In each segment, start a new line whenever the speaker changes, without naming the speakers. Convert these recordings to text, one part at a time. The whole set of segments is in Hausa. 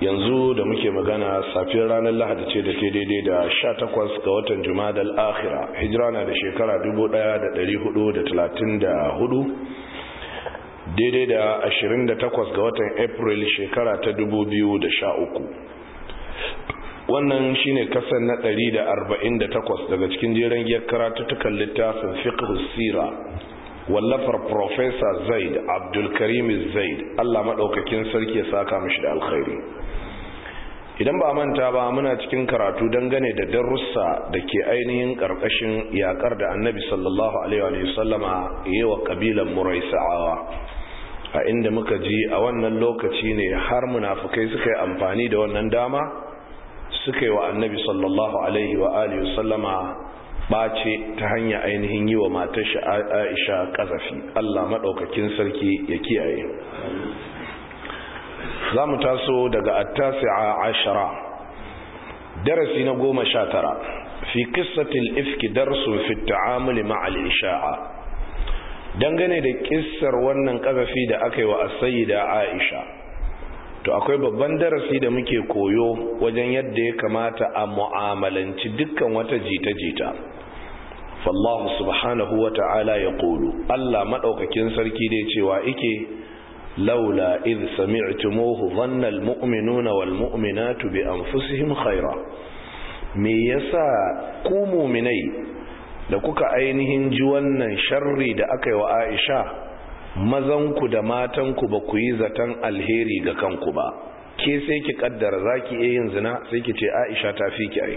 yanzu da muke magana safiyar ranar lahadi ce da ke daidai da sha takwas ga watan jumadal akhira hijira na da shekara dubu da da hudu talatin hudu, daidai da ashirin da takwas ga watan april shekara ta dubu biyu da sha uku. wannan shine kasan na ɗari da arba'in da takwas daga cikin jeren giyar karatuttukan littafin fiqh sira wallafar professor zaid abdulkarim zaid allah maɗaukakin sarki ya saka mashi da alkhairi idan ba manta ba muna cikin karatu dangane da darussa da ke ainihin ƙarƙashin yaƙar da annabi sallallahu alaihi wa sallama yi wa ƙabilan a inda muka ji a wannan lokaci ne har munafukai suka yi amfani da wannan dama suka yi wa annabi sallallahu alaihi wa alihi sallama ɓace ta hanya ainihin yi wa matar shi aisha ƙazafi allah maɗaukakin sarki ya kiyaye za mu taso daga attasi'a ashara darasi na goma sha tara fi kissatil ifki darsun fi ta'amuli ma'al isha'a dangane da kissar wannan ƙazafi da aka yi wa da aisha to akwai babban darasi da muke koyo wajen yadda ya kamata a mu'amalanci dukkan wata jita-jita fallahu subhanahu wa ta'ala ya ƙulu Allah maɗaukakin sarki dai cewa ike laula iz sami'tumuhu dhanna almu'minuna walmu'minatu bi anfusihim khaira me yasa ku mu'minai da kuka ainihin ji wannan sharri da aka yi wa Aisha mazanku da matanku ba ku yi zaton alheri ga kanku ba ke sai ki kaddara zaki iya yin zina sai ki ce Aisha ta fi ki ai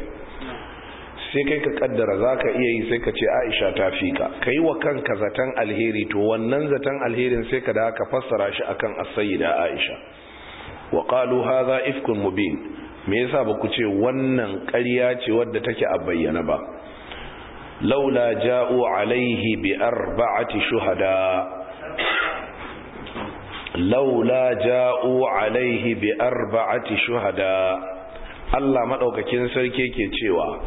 sai kai ka kaddara za ka iya yi sai ka ce aisha ta fi ka ka wa kanka zaton alheri to wannan zaton alherin sai ka da ka fassara shi akan asayida aisha wa ha za ifkun mubin me yasa ba ku ce wannan ƙarya ce wadda take a bayyana ba laula ja'u alaihi bi arba'ati shuhada laula ja'u alaihi bi arba'ati shuhada Allah madaukakin sarki ke cewa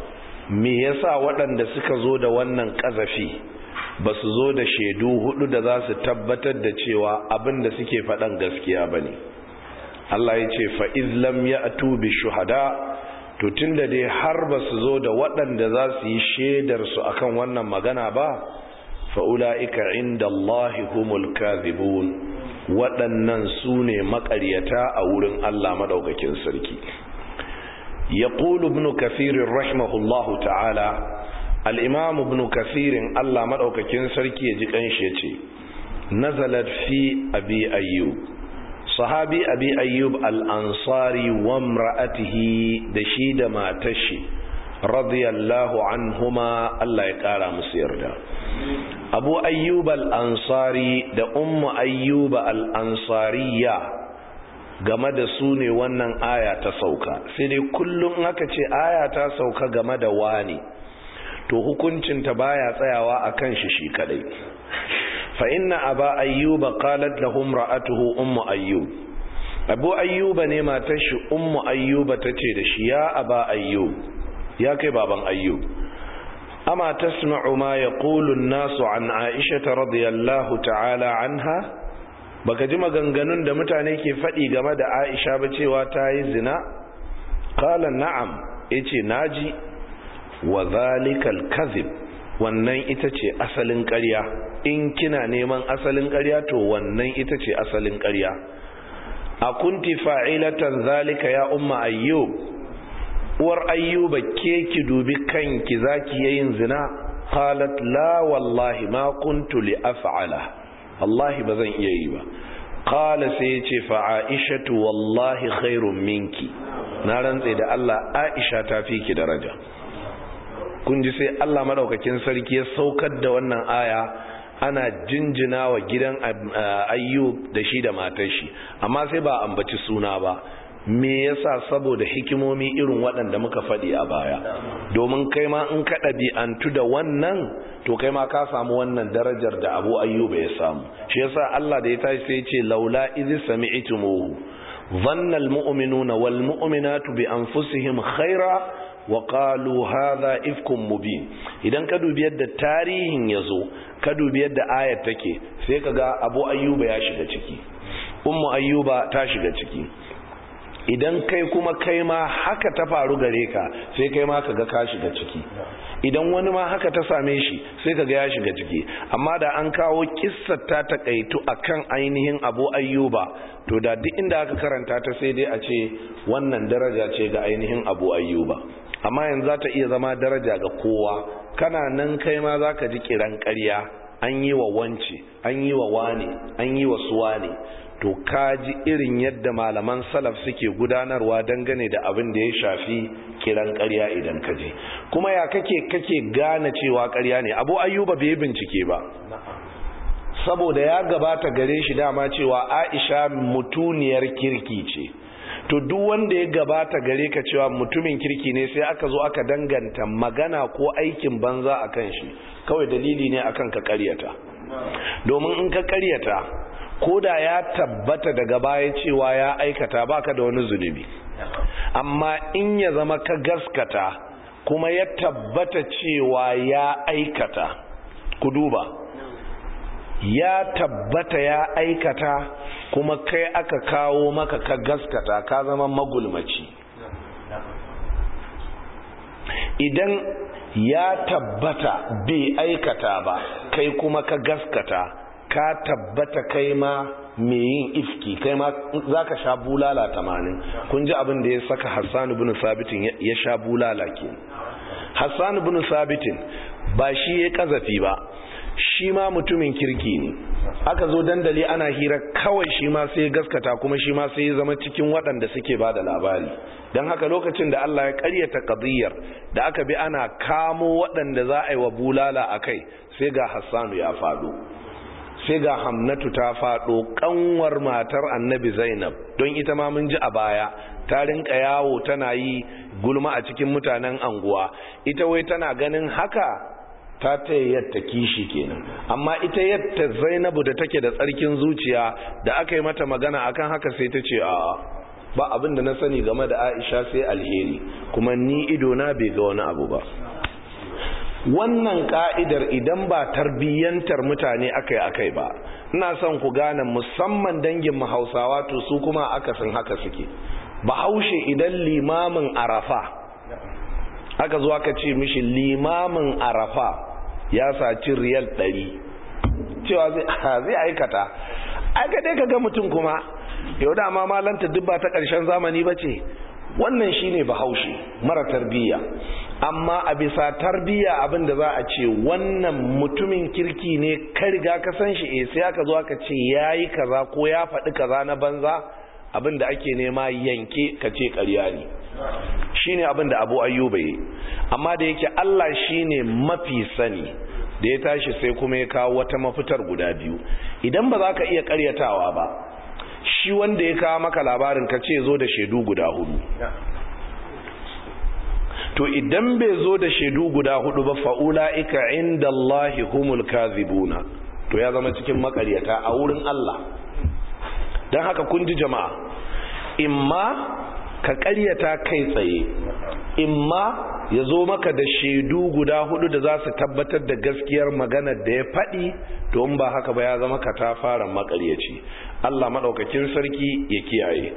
me yasa waɗanda suka zo da wannan ƙazafi ba su zo da shaidu hudu da za su tabbatar da cewa abin da suke faɗan gaskiya ba ne Allah ya ce fa'izlam ya atubi shuhada to tun da dai har ba su zo da waɗanda za su yi shaidarsu a kan wannan magana ba fa'ula'ika inda Allah humul kazibun waɗannan su ne maƙaryata a wurin Allah maɗaukakin sarki يقول ابن كثير رحمه الله تعالى الإمام ابن كثير الله مدعوك كنسركي يجيك أنشيتي نزلت في أبي أيوب صحابي أبي أيوب الأنصاري وامرأته دشيد ما تشي رضي الله عنهما الله يقال مسير دا أبو أيوب الأنصاري دا أم أيوب الأنصارية game da su ne wannan aya ta sauka sai dai kullum aka ce aya ta sauka game da wani to hukuncin ta baya tsayawa akan shi shi kadai fa inna aba ayyuba qalat lahum ra'atuhu ummu ayyub abu ayyuba ne matar shi ummu ayyuba tace da shi ya aba ayyub ya kai baban ayyub ama tasma'u ma yaqulu an-nasu an aisha radiyallahu ta'ala anha baka ji maganganun da mutane ke faɗi game da aisha ba cewa ta yi zina kala na'am ya ce naji wa zalikal kazib wannan ita ce asalin ƙarya in kina neman asalin ƙarya to wannan ita ce asalin ƙarya a kunti fa'ilatan zalika ya umma ayyub uwar ayyuba ke ki dubi kanki zaki yayin zina qalat la wallahi ma kuntu li af'ala allahi ba zan iya yi ba Kala sai ya ce fa aishatu wallahi khairun minki na rantse da Allah aisha ta fi ki daraja kun ji sai Allah madaukakin sarki ya saukar da wannan aya ana jinjina wa gidan eh, ayyub da shi da matar shi amma sai ba ambaci suna ba me yasa saboda hikimomi irin waɗanda muka faɗi a baya domin kai ma in ka ɗabi'antu da wannan to kai ma ka samu wannan darajar da abu ayyuba ya samu shi yasa Allah da ya tashi sai ya ce laula idh sami'tumuhu dhanna almu'minuna wal mu'minatu bi anfusihim khaira wa qalu hadha ifkum mubin idan ka dubi yadda tarihin yazo ka dubi yadda ayat take sai kaga Abu Ayyuba ya shiga ciki Ummu Ayyuba ta shiga ciki idan kai kuma kai ma haka ta faru gare ka sai kai ma ga ka shiga ciki idan wani ma haka ta same shi sai ka kaga ya shiga ciki amma da an kawo kissa ta takaitu akan ainihin Abu Ayyuba to da duk inda aka karanta ta sai dai a ce wannan daraja ce ga ainihin Abu Ayyuba amma yanzu za ta iya zama daraja ga kowa kana nan kai ma zaka ji kiran ƙarya an yi wa wance an yi wa wane an yi wa suwane to kaji irin yadda malaman salaf suke gudanarwa dangane da abin da ya shafi kiran karya idan kaji kuma ya kake kake gane cewa karya ne abu ayyuba bai bincike ba saboda ya gabata gare shi dama cewa aisha mutuniyar kirki ce to duk wanda ya gabata gare ka cewa mutumin kirki ne sai aka zo aka danganta magana ko aikin banza akan shi kawai dalili ne akan ka karyata domin in ka karyata ko da ya tabbata daga baya cewa ya aikata baka da wani zunubi amma in ya zama ka gaskata kuma ya tabbata cewa ya aikata ku duba ya tabbata ya aikata kuma kai aka kawo maka ka gaskata ka zama magulmaci idan ya tabbata bai aikata ba kai kuma ka gaskata ka tabbata kai ma me yin ifki kai ma za ka sha bulala tamanin kun ji abin da ya saka Hassan ibn Sabitin ya sha bulala ke Hassan ibn Sabitin ba shi ya kazafi ba shi ma mutumin kirki ne aka zo dandali ana hira kawai shi ma sai gaskata kuma shi ma sai zama cikin waɗanda suke ba da labari don haka lokacin da Allah ya ƙaryata kabiyar da aka bi ana kamo waɗanda za a yi wa bulala a kai sai ga hassanu ya faɗo sai ga hamnatu ta faɗo kanwar matar annabi zainab don ita ma mun ji a baya ta rinka yawo tana yi gulma a cikin mutanen anguwa ita wai tana ganin haka ta ta yadda kishi kenan amma ita yadda zainabu da take da tsarkin zuciya da aka yi mata magana akan haka sai ta ce a'a ba abin da na sani game da aisha sai alheri kuma ni ido na bai ga wani abu ba wannan ka'idar idan ba tarbiyyantar mutane akai akai ba ina son ku gane musamman dangin mu Hausawa to su kuma akasin haka suke bahaushe idan limamin arafa aka zo aka ce mishi limamin arafa ya saci riyal ɗari cewa zai aikata aka dai ka ga mutum kuma yau da ma malanta duk ba ta ƙarshen zamani ba wannan shine bahaushe mara tarbiyya amma a bisa tarbiyya abin da za a ce wannan mutumin kirki ne ka riga ka san shi eh sai aka zo aka ce yayi kaza ko ya faɗi kaza na banza abin da ake nema yanke ka ce ƙarya ne shine abin da Abu Ayyuba yi amma da yake Allah shine mafi sani da ya tashi sai kuma ya kawo wata mafitar guda biyu idan ba za ka iya ƙaryatawa ba shi wanda ya kawo maka labarin ka ce zo da shaidu guda hudu to idan bai zo da shaidu guda hudu ba fa'ula ika inda Allah humul kazibuna to ya zama cikin makaryata a wurin Allah don haka kun ji jama'a in ma. ka ƙaryata kai tsaye imma ya zo maka da shaidu guda hudu da za su tabbatar da gaskiyar maganar da ya faɗi in ba haka ba ya zama ka ta fara makaryaci Allah maɗaukakin sarki ya kiyaye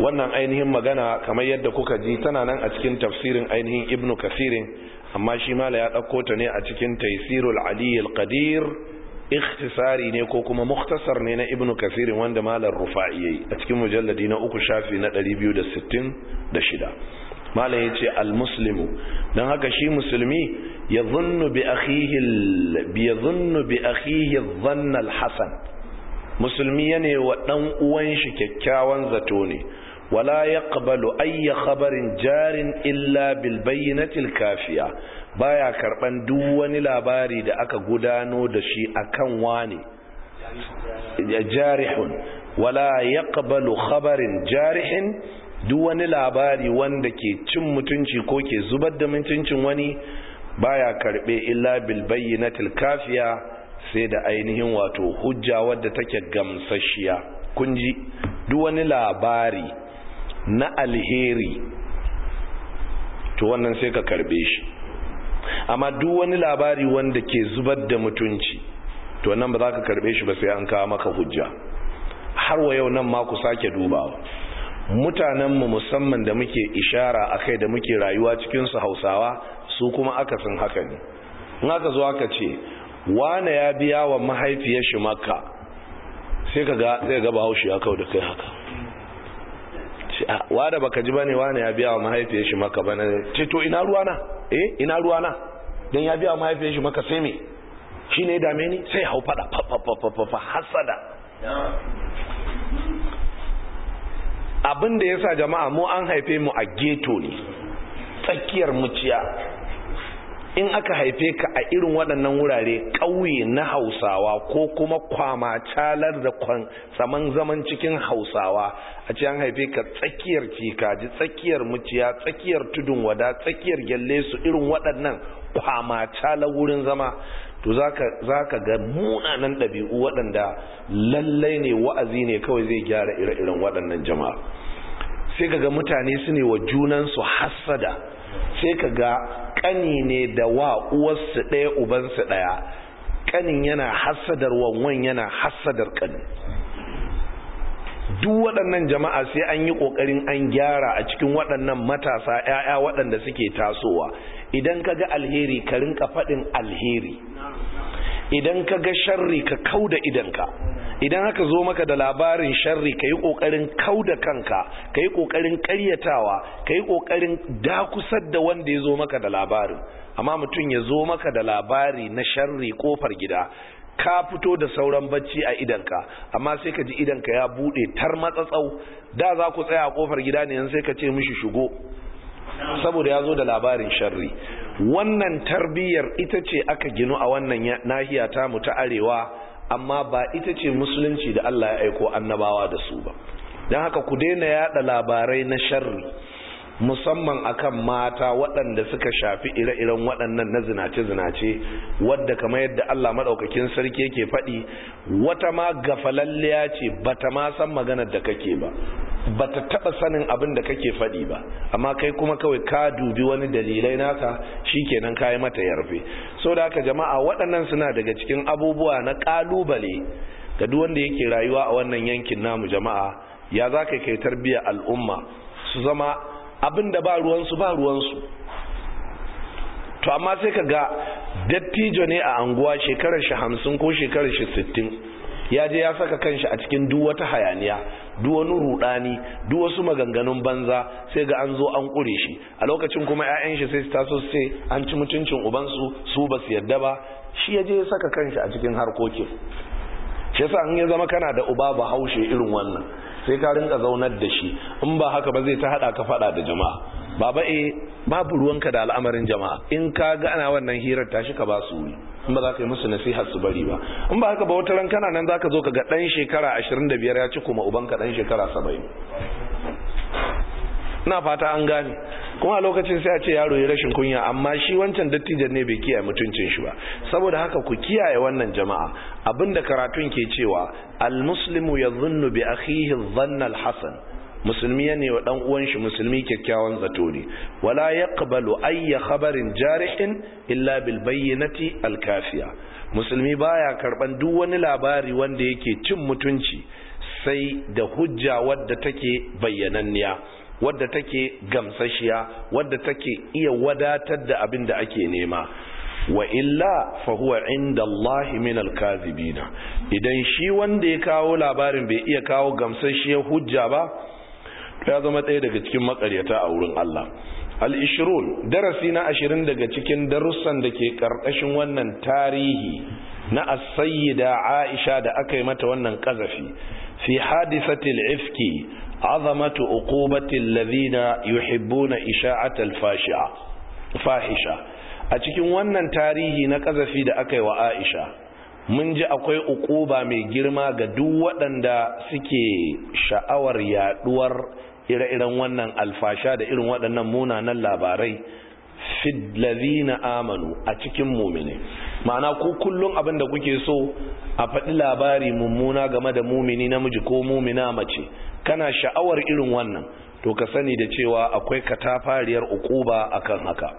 wannan ainihin magana kamar yadda kuka ji tana nan a cikin tafsirin ainihin ibnu kasirin amma shi mala ya ɗauko ta ne a cikin taisirul aliyyul qadir ikhtisari ne ko kuma mukhtasar ne na ibnu kasirin wanda malar rufa'i yayi a cikin mujalladi na uku shafi na 266 malam yace al-muslimu dan haka shi musulmi yadhunnu bi akhihi bi yadhunnu bi akhihi dhann al-hasan musulmi yana wa dan uwan shi kyakkyawan zato ne wala yaqbalu ayya khabarin jarin illa bil bayyinati al-kafiya baya karban duk wani labari da aka gudano da shi akan wani jarihun wala yaqbalu khabarin jarihin duk wani labari wanda ke cin mutunci ko ke zubar da mutuncin wani baya karbe illa bil bayyinatil kafiya sai da ainihin wato hujja wadda take gamsashiya kunji duk wani labari na alheri to wannan sai ka karbe shi amma duk wani labari wanda ke zubar da mutunci to nan ba za ka karbe shi ba sai an kawo maka hujja har wa yau nan ma ku sake dubawa mutanenmu musamman da muke ishara a kai da muke rayuwa cikinsu hausawa su kuma akasin haka ne in aka zo aka ce wane ya biya wa mahaifiyar shi makka sai ka ga zai ga bahaushe ya kau da kai haka ah, wada baka ji bane wane ya biya wa mahaifiyar shi makka bane ce to ina ruwana eh ina ruwa na dan ya biya mahaifiyar shi maka sai me shine ya dame ni sai hau fada fa fa fa fa hasada abin da yasa jama'a mu an haife mu a ghetto ne tsakiyar muciya in aka haife ka a irin waɗannan wurare ƙauye na hausawa ko kuma kwama calar da kwan saman zaman cikin hausawa a ce an haife ka tsakiyar cikaji tsakiyar muciya tsakiyar tudun wada tsakiyar gyalle su irin waɗannan kwama calar wurin zama to za ka ga munanan ɗabi'u waɗanda lallai ne wa'azi ne kawai zai gyara ire-iren waɗannan jama'a sai ka ga mutane su ne wa junansu hassada sai ka ga ƙani ne da wa uwarsu ɗaya ubansu ɗaya ƙanin yana hasadar wanwan yana hassadar ƙani duk waɗannan jama'a sai an yi ƙoƙarin an gyara a cikin waɗannan matasa 'ya'ya waɗanda suke tasowa idan ka ga alheri ka rinka faɗin alheri idan ka ga sharri ka kau da idanka idan haka zo maka da labarin sharri ka yi ƙoƙarin kau da kanka ka yi ƙoƙarin ƙaryatawa ka yi ƙoƙarin dakusar da wanda ya zo maka da labarin amma mutum ya zo maka da labari na sharri ƙofar gida ka fito da sauran bacci a idanka amma sai ka ji idanka ya buɗe tar matsatsau da za ku tsaya a ƙofar gida ne yanzu sai ka ce mishi shigo saboda ya zo da labarin sharri wannan tarbiyyar ita ce aka ginu a wannan nahiyata mu ta arewa amma ba ita ce musulunci da Allah ya aiko annabawa da su ba don haka ku daina yada labarai na sharri musamman akan mata waɗanda suka shafi ire-iren waɗannan na zinace-zinace wadda kamar yadda Allah maɗaukakin sarki yake faɗi wata ma gafalalliya ce bata ma san maganar da kake ba ba ta taba sanin abin da kake faɗi ba amma kai kuma kawai ka dubi wani dalilai naka shikenan ka yi mata yarfe so da haka jama'a waɗannan suna daga cikin abubuwa na ƙalubale ga duk wanda yake rayuwa a wannan yankin namu jama'a ya za ka kai tarbiyyar al'umma su zama abin da ba ruwansu ba ruwansu to amma sai ka ga dattijo ne a anguwa shekarar shi hamsin ko shekarar shi sittin ya je ya saka kanshi a cikin duk wata hayaniya duk wani rudani duk wasu maganganun banza sai ga an zo an kure shi a lokacin kuma ƴaƴan shi sai su taso su an ci mutuncin ubansu su ba su yadda ba shi ya je ya saka kanshi a cikin harkokin shi yasa in ya zama kana da uba ba haushe irin wannan sai ka rinka zaunar da shi in ba haka ba zai ta hada ka fada da jama'a baba eh babu ruwanka da al'amarin jama'a in ka gana wannan hirar tashi ka ba su in ba za ka yi musu nasiha su bari ba in ba haka ba wata ran kana nan za zo ka ga dan shekara 25 ya ci kuma uban ka dan shekara 70 na fata an gane kuma a lokacin sai a ce yaro ya rashin kunya amma shi wancan dattijan ne bai kiyaye mutuncin shi ba saboda haka ku kiyaye wannan jama'a abinda karatun ke cewa al-muslimu yadhunnu bi akhihi dhanna al musulmi yane ne wa dan uwan shi musulmi kyakkyawan zato ne wala yaqbalu ayya khabarin jarihin illa bil bayyinati al kafiya musulmi baya karban duk wani labari wanda yake cin mutunci sai da hujja wadda take bayyananniya wadda take gamsashiya wadda take iya wadatar da abin da ake nema wa illa fa huwa inda Allah min alkazibina idan shi wanda ya kawo labarin bai iya kawo gamsashiyar hujja ba ya zama ɗaya daga cikin makaryata a wurin Allah al-ishrun darasi na ashirin daga cikin darussan da ke ƙarƙashin wannan tarihi na Asayida Aisha da aka yi mata wannan ƙazafi fi hadisatil al-ifki azamatu uqubati lazina yuhibbuna Isha'atal fahisha a cikin wannan tarihi na ƙazafi da aka yi wa Aisha mun ji akwai ukuba mai girma ga duk waɗanda suke sha'awar yaduwar ire-iren wannan alfasha da irin waɗannan munanan labarai fidlazina amanu a cikin mumini ma'ana ku kullum abin da kuke so a faɗi labari mummuna game da mumini namiji ko mumina mace kana sha'awar irin wannan to ka sani da cewa akwai katafariyar ukuba akan haka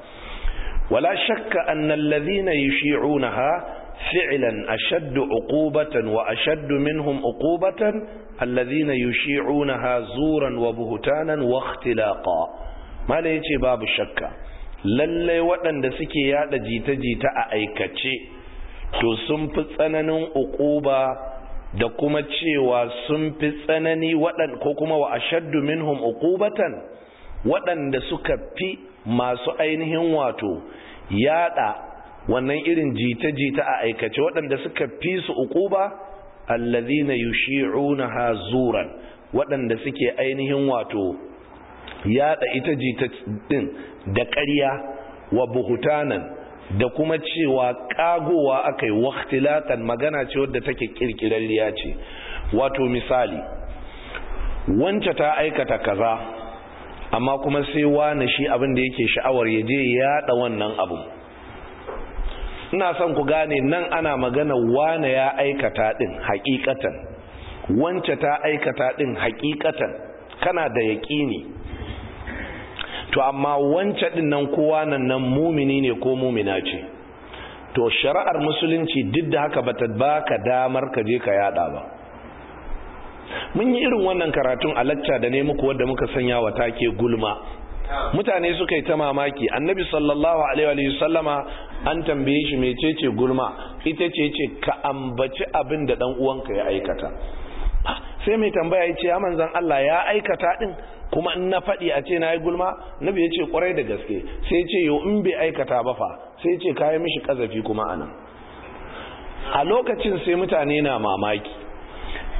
wala shakka annal ladhina yushi'unaha fi'lan ashaddu ukubatan wa ashaddu minhum uqubatan alladhina yushi'unaha zuran wa buhtanan wa ikhtilaqa mala yace babu shakka Lallai waɗanda suke yada jita-jita a aikace to sun fi tsananin uquba da kuma cewa sun fi tsanani waɗan ko kuma wa ashaddu minhum ukubatan waɗanda suka fi masu ainihin wato yada wannan irin jita-jita a aikace waɗanda suka fi su uquba allazina ha zuran waɗanda suke ainihin wato Yaɗa ita jita ɗin da ƙarya wa buhutanan da kuma cewa ƙagowa akai waqtilatan magana ce wadda take kirkirarriya ce wato misali Wancan ta aikata kaza amma kuma sai wani shi abinda yake sha'awar ya je ya wannan abu ina son ku gane nan ana magana wane ya aikata din hakikatan wance ta aikata din hakikatan kana da yaƙini to amma wance din nan kowa nan nan mumini ne ko mumina ce to shari'ar musulunci duk da haka bata baka damar ka je ka yada ba mun yi irin wannan karatun a lacca da ne muku wadda muka sanya wa take gulma mutane suka yi ta mamaki annabi sallallahu alaihi wa sallama an tambaye shi mecece gulma ita ce ce ka ambaci abin da dan uwanka ya aikata sai mai tambaya ya ce ya manzan Allah ya aikata din kuma in na faɗi a ce na yi gulma nabi ya ce kwarai da gaske sai ce yau in bai aikata ba fa sai ce kayi mishi kazafi kuma anan a lokacin sai mutane na mamaki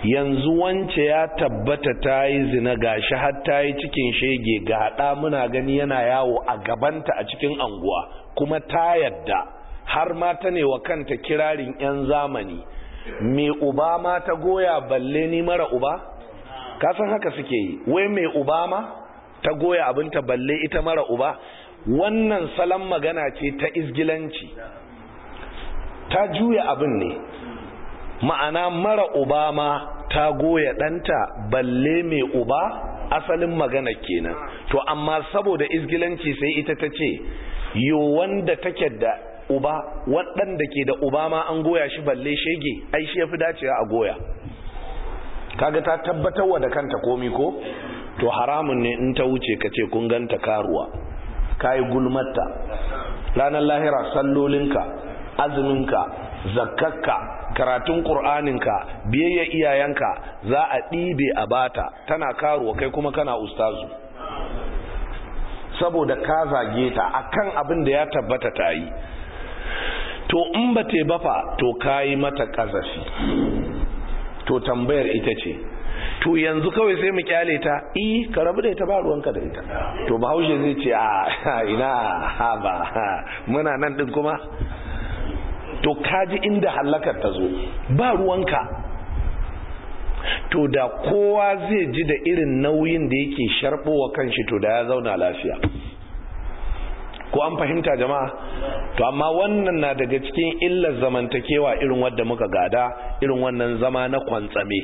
yanzu wance ya tabbata ta yi zina gashi har ta yi cikin shege ga haɗa muna gani yana yawo a gabanta a cikin anguwa kuma ta yadda har ma ta ne wa kanta kirarin 'yan zamani mai uba ma ta goya balle ni mara uba kasan haka suke yi wai mai uba ma ta goya abinta balle ita mara uba wannan salon magana ce ta izgilanci ta juya abin ne ma'ana mara uba ta goya ɗanta balle mai uba asalin magana kenan to amma saboda izgilanci sai ita ta ce yo wanda take da uba waɗanda ke da uba ma an goya shi balle shege ai shi ya fi dacewa a goya kaga ta tabbatar wa da kanta komi ko to haramun ne in ta wuce ka ce kun ganta karuwa kayi gulmatta ranar lahira sallolinka azuminka zakkarka karatun ka biyayya iyayenka za a ɗibe a bata tana karuwa kai kuma kana ustazu saboda ka zage ta akan abin da ya tabbata ta yi to in ba te bafa to yi mata kazafi to tambayar ita ce to yanzu kawai sai mu kyale ta i eh, ka rabu da ita ba ruwanka da ita to bahaushe zai ce a ah, ina ha ba muna nan din kuma to kaji inda halakar ta zo ba ruwanka to da kowa zai ji da irin nauyin da yake sharbowa kanshi to da ya zauna lafiya ko an fahimta jama'a to amma wannan na daga cikin illar zamantakewa irin wadda muka gada irin wannan zama na kwantsame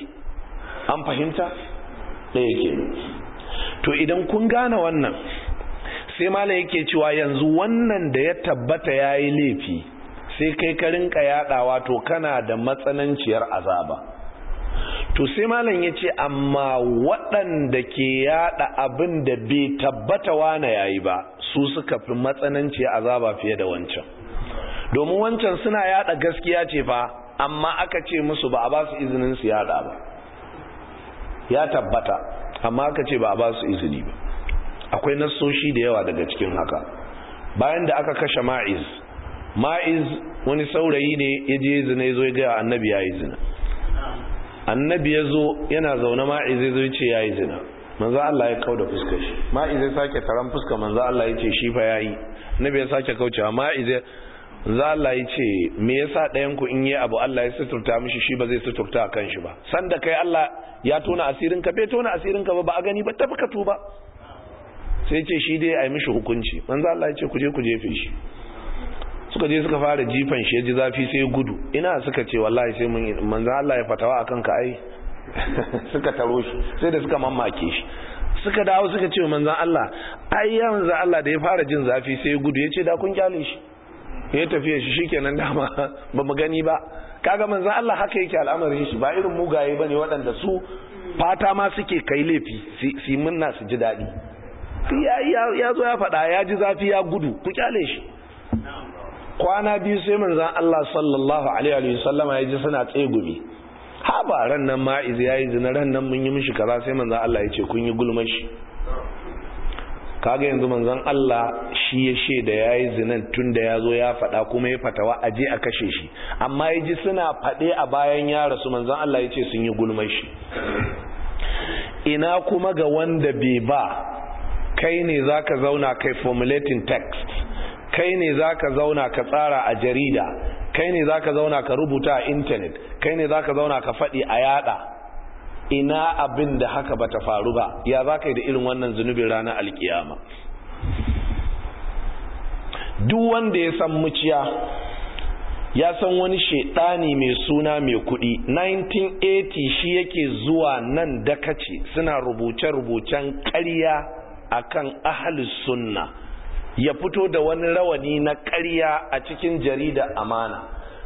an fahimta ɗaya ke to idan kun gane wannan sai mala yake cewa yanzu wannan da ya tabbata ya yi laifi sai kai ka rinka yaɗawa to kana da matsananciyar azaba to sai malam ya ce amma waɗanda ke yaɗa abin da bai tabbata wane yayi ba su suka fi matsananciyar azaba fiye da wancan domin wancan suna yaɗa gaskiya ce fa amma aka ce musu ba a ba su izinin su yaɗa ba ya tabbata amma aka ce ba a ba su izini ba akwai nassoshi da yawa daga cikin haka bayan da aka kashe ma'iz ma'iz wani saurayi ne ya je zina ya zo ya gaya annabi ya yi zina annabi ya zo yana zaune ma'iz ya zo ya ce ya yi zina manzo Allah ya kauda fuskar shi ma'iz ya sake taron fuskar manzo Allah ya ce shi fa ya yi annabi ya sake kaucewa ma'iz ya za Allah ya ce me yasa ɗayan ku in yi abu Allah ya suturta mishi shi ba zai suturta a kan shi ba sanda kai Allah ya tona asirin ka bai tona asirin ka ba ba a gani ba tabbaka tuba sai ce shi dai a yi mishi hukunci manzo Allah ya ce ku je ku jefe shi suka je suka fara jifan shi ji zafi sai gudu ina suka ce wallahi sai mun manzo Allah ya fatawa akan ka ai suka taro shi sai da suka mamake shi suka dawo suka ce manzo Allah ai yanzu Allah da ya fara jin zafi sai ya gudu yace da kun kyale shi ya tafiya shi shikenan dama ba mu gani ba kaga manzo Allah haka yake al'amarin shi ba irin mugaye bane waɗanda su fata ma suke kai laifi su minna su ji daɗi ya zo ya faɗa ya ji zafi ya gudu ku kyale shi kwana biyu sai manzan Allah sallallahu alaihi wasallama ya ji suna tsaye gumi haba ran nan ma'iz ya yi zina ran nan mun yi mishi kaza sai manzan Allah ya ce kun yi gulmashi shi kaga yanzu manzan Allah shi ya shaida ya yi zinan tun da ya zo ya faɗa kuma ya fatawa a a kashe shi amma ya ji suna faɗe a bayan ya rasu manzan Allah ya ce sun yi gulmashi shi ina kuma ga wanda bai ba kai ne zaka zauna kai formulating text kai ne za ka zauna ka tsara a jarida kai ne za ka zauna ka rubuta a intanet kai ne za ka zauna ka faɗi a yada ina abin da haka ba ta faru ba ya za ka yi da irin wannan zunubin ranar alkiyama duk wanda ya san muciya ya san wani shaidani mai suna mai kudi 1980 shi yake zuwa nan dakaci suna rubuce-rubucen karya akan ahalus sunna ya fito da wani rawani na ƙarya a cikin jarida amana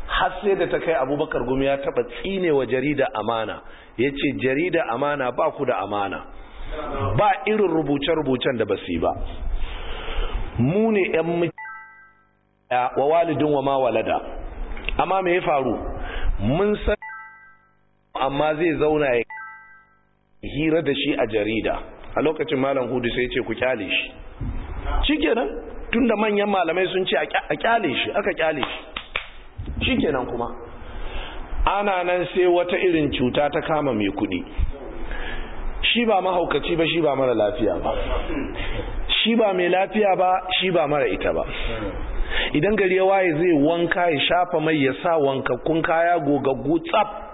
har sai da ta kai abubakar gumi ya taɓa tsine wa jarida amana ya ce jarida amana ba ku da amana ba irin rubuce-rubucen da basi ba mu ne 'yan wa walidin wa ma walada amma me ya faru mun san amma zai zauna ya hira da shi a jarida a lokacin malam hudu sai ce ku kyale shi shikenan tunda manyan malamai sun ce a kyale shi aka kyale shi shikenan kuma ana nan sai wata irin cuta ta kama mai kudi shi ba mahaukaci ba shi ba mara lafiya ba shi ba mai lafiya ba shi ba mara ita ba idan gari ya waye zai wanka ya shafa mai ya sa wankakkun kaya gogaggu tsaf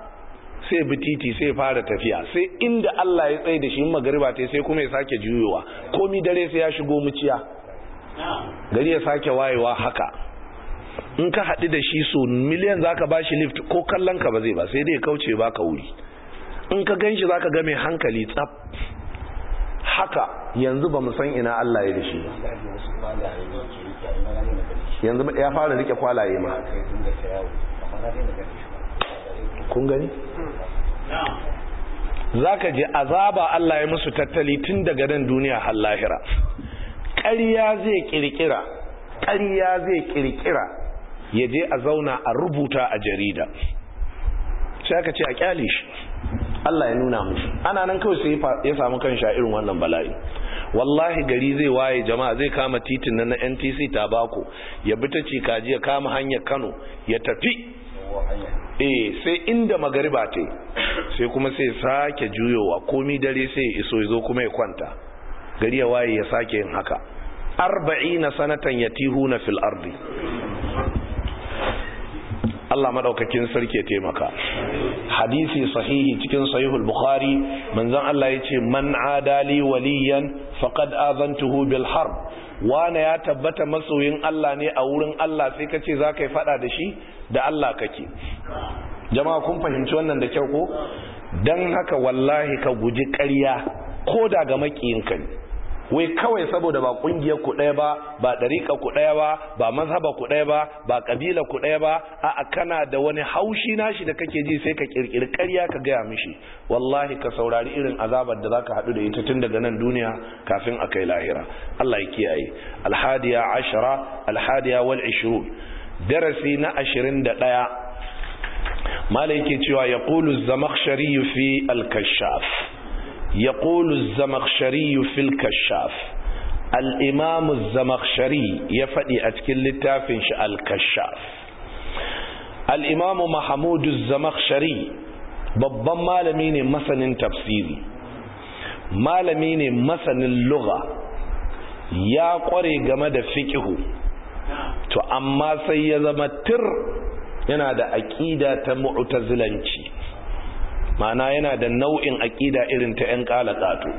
sai bi titi sai fara tafiya sai inda Allah ya tsaye da shi magariba ta sai kuma ya sake juyowa komi dare sai ya shigo muciya gari ya sake wayewa haka in ka haɗu da shi so miliyan ba shi lift ko kallon ka ba zai ba sai dai kauce ba ka wuri in ka gan ganshi zaka ga mai hankali tsaf haka yanzu ba mu san ina Allah ya da shi yanzu ya fara rike kwalaye ma kun gani Za ka ji azaba Allah ya musu tattali tun daga nan duniya har lahira ƙarya zai ƙirƙira. ƙarya zai ƙirƙira ya je a zauna a rubuta a jarida sai aka ce a ƙyale shi Allah ya nuna musu ana nan kawai sai ya samu kan sha irin wannan bala'i wallahi gari zai waye jama'a zai kama titin na NTC tabako ya bi ta kaji ya kama hanyar Kano ya tafi eh sai inda magariba ta sai kuma sai sake juyowa komi dare sai iso zo kuma ya kwanta gari ya waye ya sake yin haka arba'ina sanatan yatihuna fil ardi Allah madaukakin sarki ya taimaka hadisi sahihi cikin sahihul bukhari manzon Allah yace man adali waliyan faqad azantuhu bil harb wana ya tabbata masoyin Allah ne a wurin Allah sai kace zaka yi fada da shi da Allah kake jama'a kun fahimci wannan da kyau ko dan haka wallahi ka guji ƙarya ko da ga makiyinka ne wai kawai saboda ba kungiyar ku ɗaya ba ba ɗariƙa ku ɗaya ba ba mazhaba ku ɗaya ba ba ƙabila ku ɗaya ba a'a kana da wani haushi nashi da kake ji sai ka ƙirƙiri ƙarya ka gaya mishi wallahi ka saurari irin azabar da zaka haɗu da ita tun daga nan duniya kafin a kai lahira Allah ya kiyaye alhadiya ashara alhadiya wal ishrun darasi na ashirin da ɗaya malai yake cewa yaqulu zamakhshari fi al يقول الزمخشري في الكشاف الإمام الزمخشري يفدي أتكل للتافنش الكشاف الإمام محمود الزمخشري babban malami ne masanin tafsiri malami ne masanin lugha ya kware game da fikihu to amma sai ya zama tir yana da aƙida ta mu'tazilanci ma'ana yana da nau'in aƙida irin ta 'yan ƙalaƙato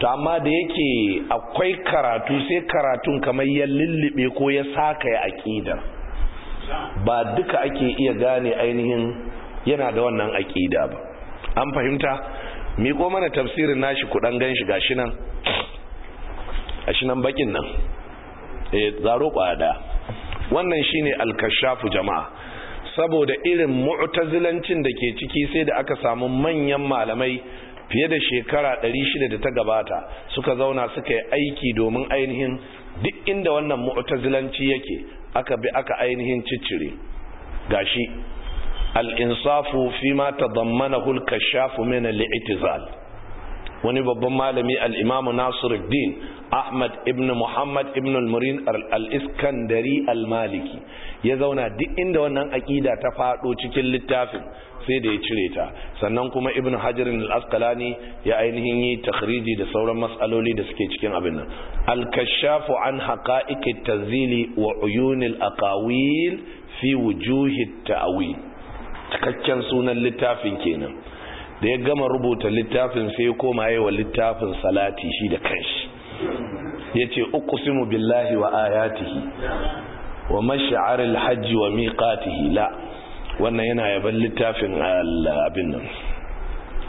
to amma da yake akwai karatu sai karatun kamar ya lullube ko ya saka ya aƙidar ba duka ake iya gane ainihin yana da wannan aƙida ba an fahimta miko mana tafsirin nashi kudan ganshi gashi nan a shi nan bakin nan eh zaro kwada wannan shine al-kashafu jama'a saboda irin mu'tazilancin da ke ciki sai da aka samu manyan malamai fiye da shekara 600 da ta gabata suka zauna suka yi aiki domin ainihin duk inda wannan mu'tazilanci yake aka bi aka ainihin ciccire gashi al-insafu fi ma tadammanahu al-kashaf min al wani babban malami al-imamu Nasiruddin Ahmad ibn Muhammad ibn al-Murin al-Iskandari al-Maliki ya zauna duk inda wannan aƙida ta faɗo cikin littafin sai da ya cire ta sannan kuma ibn Hajar al-Asqalani ya ainihin yi takhriji da sauran matsaloli da suke cikin abin nan al-kashaf an haqa'iq at-tanzili wa uyun al-aqawil fi wujuh at-ta'wil cikakken sunan littafin kenan da ya gama rubuta littafin sai ya koma yayi wa littafin salati shi da kanshi yace uqsimu billahi wa ayatihi wa mash'ar al wa miƙatihi la wannan yana yaban littafin abin nan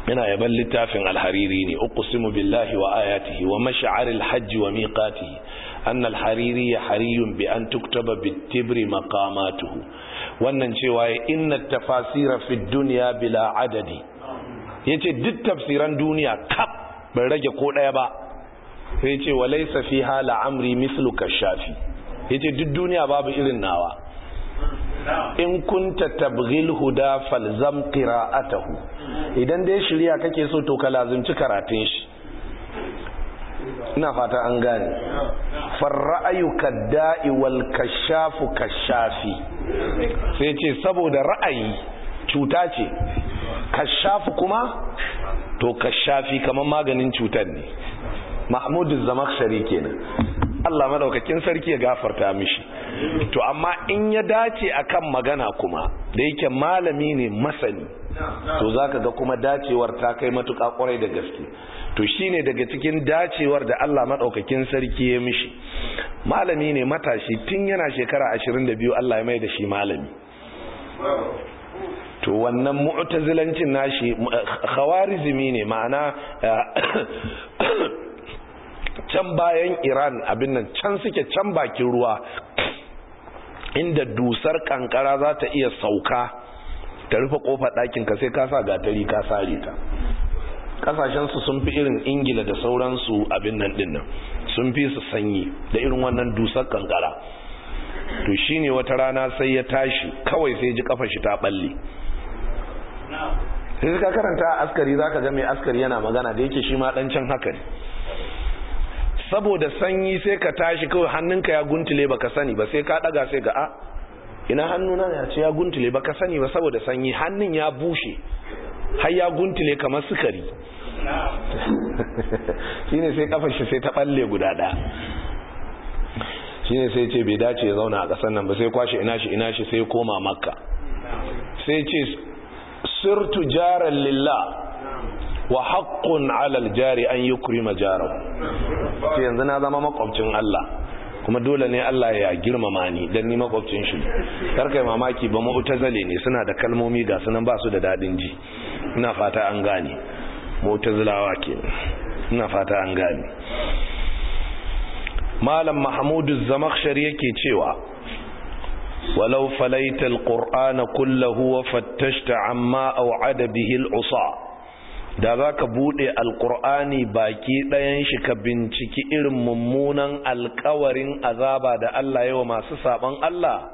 yana yaban littafin al-hariri ne uqsimu billahi wa ayatihi wa mash'ar al wa miƙatihi an al ya hariyun bi an tuktaba bit-tibri maqamatuhu wannan cewa inna tafasira fi dunya bila adadi yace duk tafsiran duniya kap bai rage ko daya ba sai ce wa laisa hala amri mislu shafi. ya ce duk duniya babu irin nawa in kunta tabghil huda falzam qira'atahu idan dai shirya kake so to ka lazimci karatun shi ina fata an gane farra'ayu kadda'i wal kashafu kashafi sai ce saboda ra'ayi cuta ce kashafu kuma to kashafi kamar maganin cutar ne mahmud zamakshari kenan Allah madaukakin sarki ya gafarta mishi to amma in ya dace a kan magana kuma da yake malami ne masani to zaka ga kuma dacewar ta kai matuƙa kwarai da gaske to shine daga cikin dacewar da Allah madaukakin sarki ya mishi malami ne matashi tun yana shekara 22 Allah ya mai da shi malami to wannan mu'tazilancin nashi khawarizmi ne ma'ana eh, can bayan iran abin nan can suke can bakin ruwa inda dusar kankara za ta iya sauka ta rufe kofar ɗakin ka sai kasa gatari ka sare ta su sun fi irin ingila da sauransu abin nan dinnan sun fi su sanyi da irin wannan dusar kankara to shine wata rana sai ya tashi kawai sai ji kafa shi ta balle sai ka karanta askari zaka ga mai askari yana magana da yake shi ma dan can haka ne saboda sanyi sai ka tashi kawai hannunka ya guntule baka sani ba sai ka daga sai ga a ina hannuna ya ce ya guntule baka sani ba saboda sanyi hannun ya bushe har ya guntule kamar sukari shine sai kafar shi sai ta balle guda ɗaya shine sai ce bai dace ya zauna a ƙasar nan ba sai kwashe ina shi ina shi sai koma makka sai ce sirtu jaran lillah wa haƙƙun alal jari an yi jarahu ce yanzu na zama makwabcin Allah kuma dole ne Allah ya girmama ni dan ni makwabcin shi kar kai mamaki ba mu'tazile ne suna da kalmomi ga sunan ba su da daɗin ji ina fata an gane mu'tazilawa ke ina fata an gane malam mahmudu zamakhshari yake cewa walau falaita ƙur'ana kullahu wa fattashta amma au'ada bihi al'usa da za ka buɗe alƙur'ani baki ɗayan shi ka binciki irin mummunan alƙawarin azaba da Allah yawa masu saɓon Allah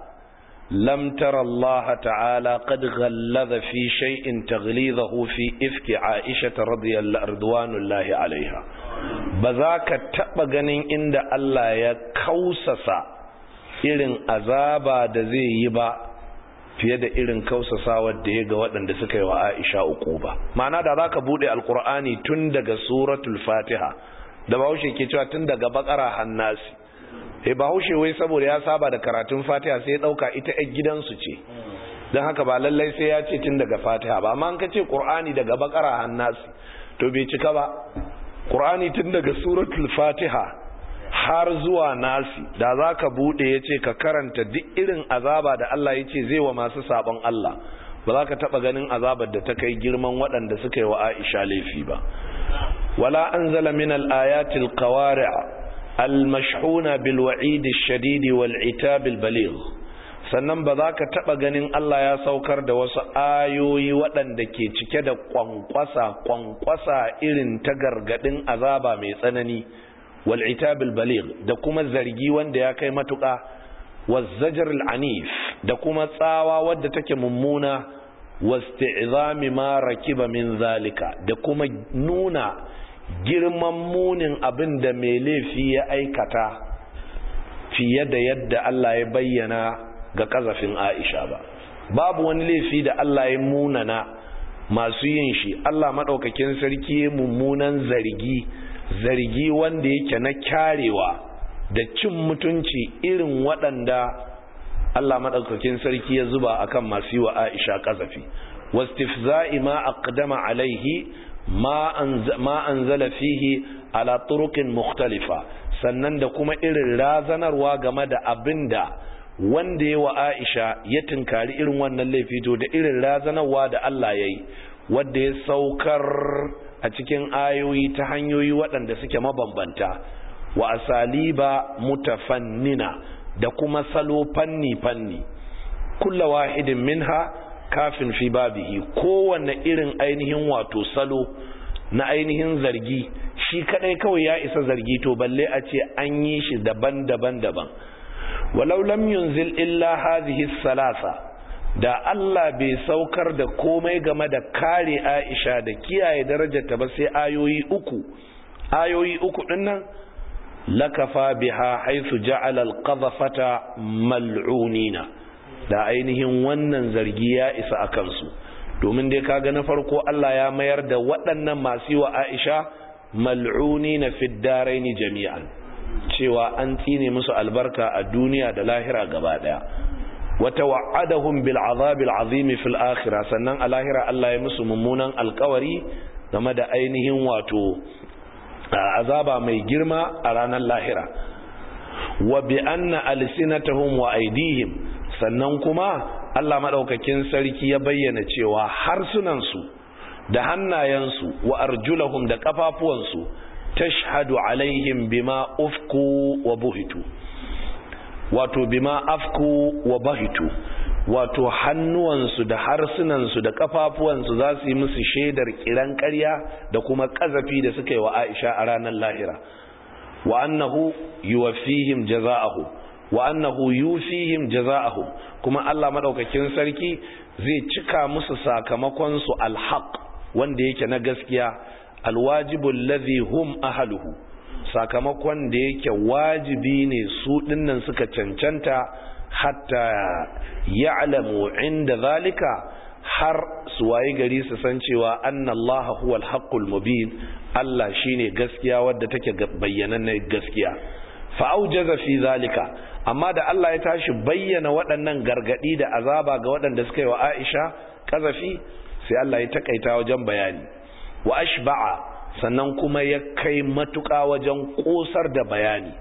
lam Allah ta'ala qad ghallaza fi shay'in taghlizahu fi ifki Aisha radhiyallahu radwanullahi alaiha ba za ka taɓa ganin inda Allah ya kausasa irin azaba da zai yi ba fiye da irin kausasawar da ya ga waɗanda suka yi wa Aisha uku ba ma'ana da zaka buɗe Alƙur'ani tun daga suratul fatiha da bahaushe ke cewa tun daga bakara hannasi eh bahaushe wai saboda ya saba da karatun fatiha sai ya ɗauka ita ɗan gidansu ce don haka ba lallai sai ya ce tun daga fatiha ba amma an ka ce ƙur'ani daga bakara hannasi to bai cika ba Ƙur'ani tun daga suratul fatiha har zuwa nasi da za ka buɗe ya ce ka karanta duk irin azaba da Allah ya ce zai wa masu sabon Allah ba za ka taɓa ganin azabar da ta kai girman waɗanda suka yi wa aisha laifi ba wala an zala min al’ayatul kawari al-mashhuna bil wa'idi shadidi wal itabil sannan ba za ka taɓa ganin Allah ya saukar da wasu ayoyi waɗanda ke cike da ƙwanƙwasa ƙwanƙwasa irin ta gargaɗin azaba mai tsanani wal'itabil itab da kuma zargi wanda ya kai matuƙa wazzajar al'anif da kuma tsawa wadda take mummuna wasti'izami ma rakiba min zalika da kuma nuna girman munin abin da mai laifi ya aikata fiye da yadda Allah ya bayyana ga kazafin Aisha ba babu wani laifi da Allah ya munana masu yin shi Allah maɗaukakin sarki mummunan zargi zargi wanda yake na kyarewa da cin mutunci irin waɗanda Allah maɗaukakin sarki ya zuba a kan masu yi wa Aisha ƙazafi wastifza'i ma aqdama alaihi ma zala fihi ala turuqin Muktalifa. sannan da kuma irin razanarwa game da abinda wanda ya wa Aisha ya tunkari irin wannan laifito da irin razanarwa da Allah ya yi wadda ya saukar a cikin ayoyi ta hanyoyi waɗanda suke mabambanta wa asaliba mutafannina da kuma salo fanni-fanni kulla wahidin minha kafin fi babihi kowanne irin ainihin wato salo na ainihin zargi shi kadai kawai ya isa zargi to balle a ce an yi shi daban-daban daban walau lam yunzil illa hazihi salasa da Allah bai saukar da komai game da kare Aisha da kiyaye darajarta ba sai ayoyi uku ayoyi uku dinnan lakafa biha haythu ja'ala al-qadhafata mal'unina da ainihin wannan zargi ya isa akan su domin dai kaga na farko Allah ya mayar da waɗannan masu wa Aisha mal'unina fid daraini jami'an cewa an tsine musu albarka a duniya da lahira gaba daya wata wa'adahum bil azabil azimi fil akhirah sannan a lahira Allah ya musu mummunan alkawari game da ainihin wato azaba mai girma a ranar lahira wa bi anna alsinatahum wa aydihim sannan kuma Allah maɗaukakin sarki ya bayyana cewa harsunansu da hannayensu wa arjulahum da kafafuwansu tashhadu alaihim bima ufku wa buhitu wato bima afku wa bahitu wato hannuwansu da harsunansu da kafafuwansu za su yi musu shaidar kiran ƙarya da kuma ƙazafi da suka yi wa Aisha a ranar lahira wa annahu yuwaffihim jaza'ahu wa annahu yufihim jaza'ahu kuma Allah madaukakin sarki zai cika musu sakamakonsu alhaq wanda yake na gaskiya alwajibul ladhi hum ahluhu sakamakon da yake wajibi ne su dinnan suka cancanta hatta ya'lamu inda zalika har su wayi gari su san cewa annallaha huwal haqqul mubin Allah shine gaskiya wadda take bayyananne gaskiya fa aujaza fi zalika amma da Allah ya tashi bayyana waɗannan gargadi da azaba ga waɗanda suka yi wa Aisha kazafi sai Allah ya takaita wajen bayani wa ashba'a sannan kuma ya kai matuƙa wajen ƙosar da bayani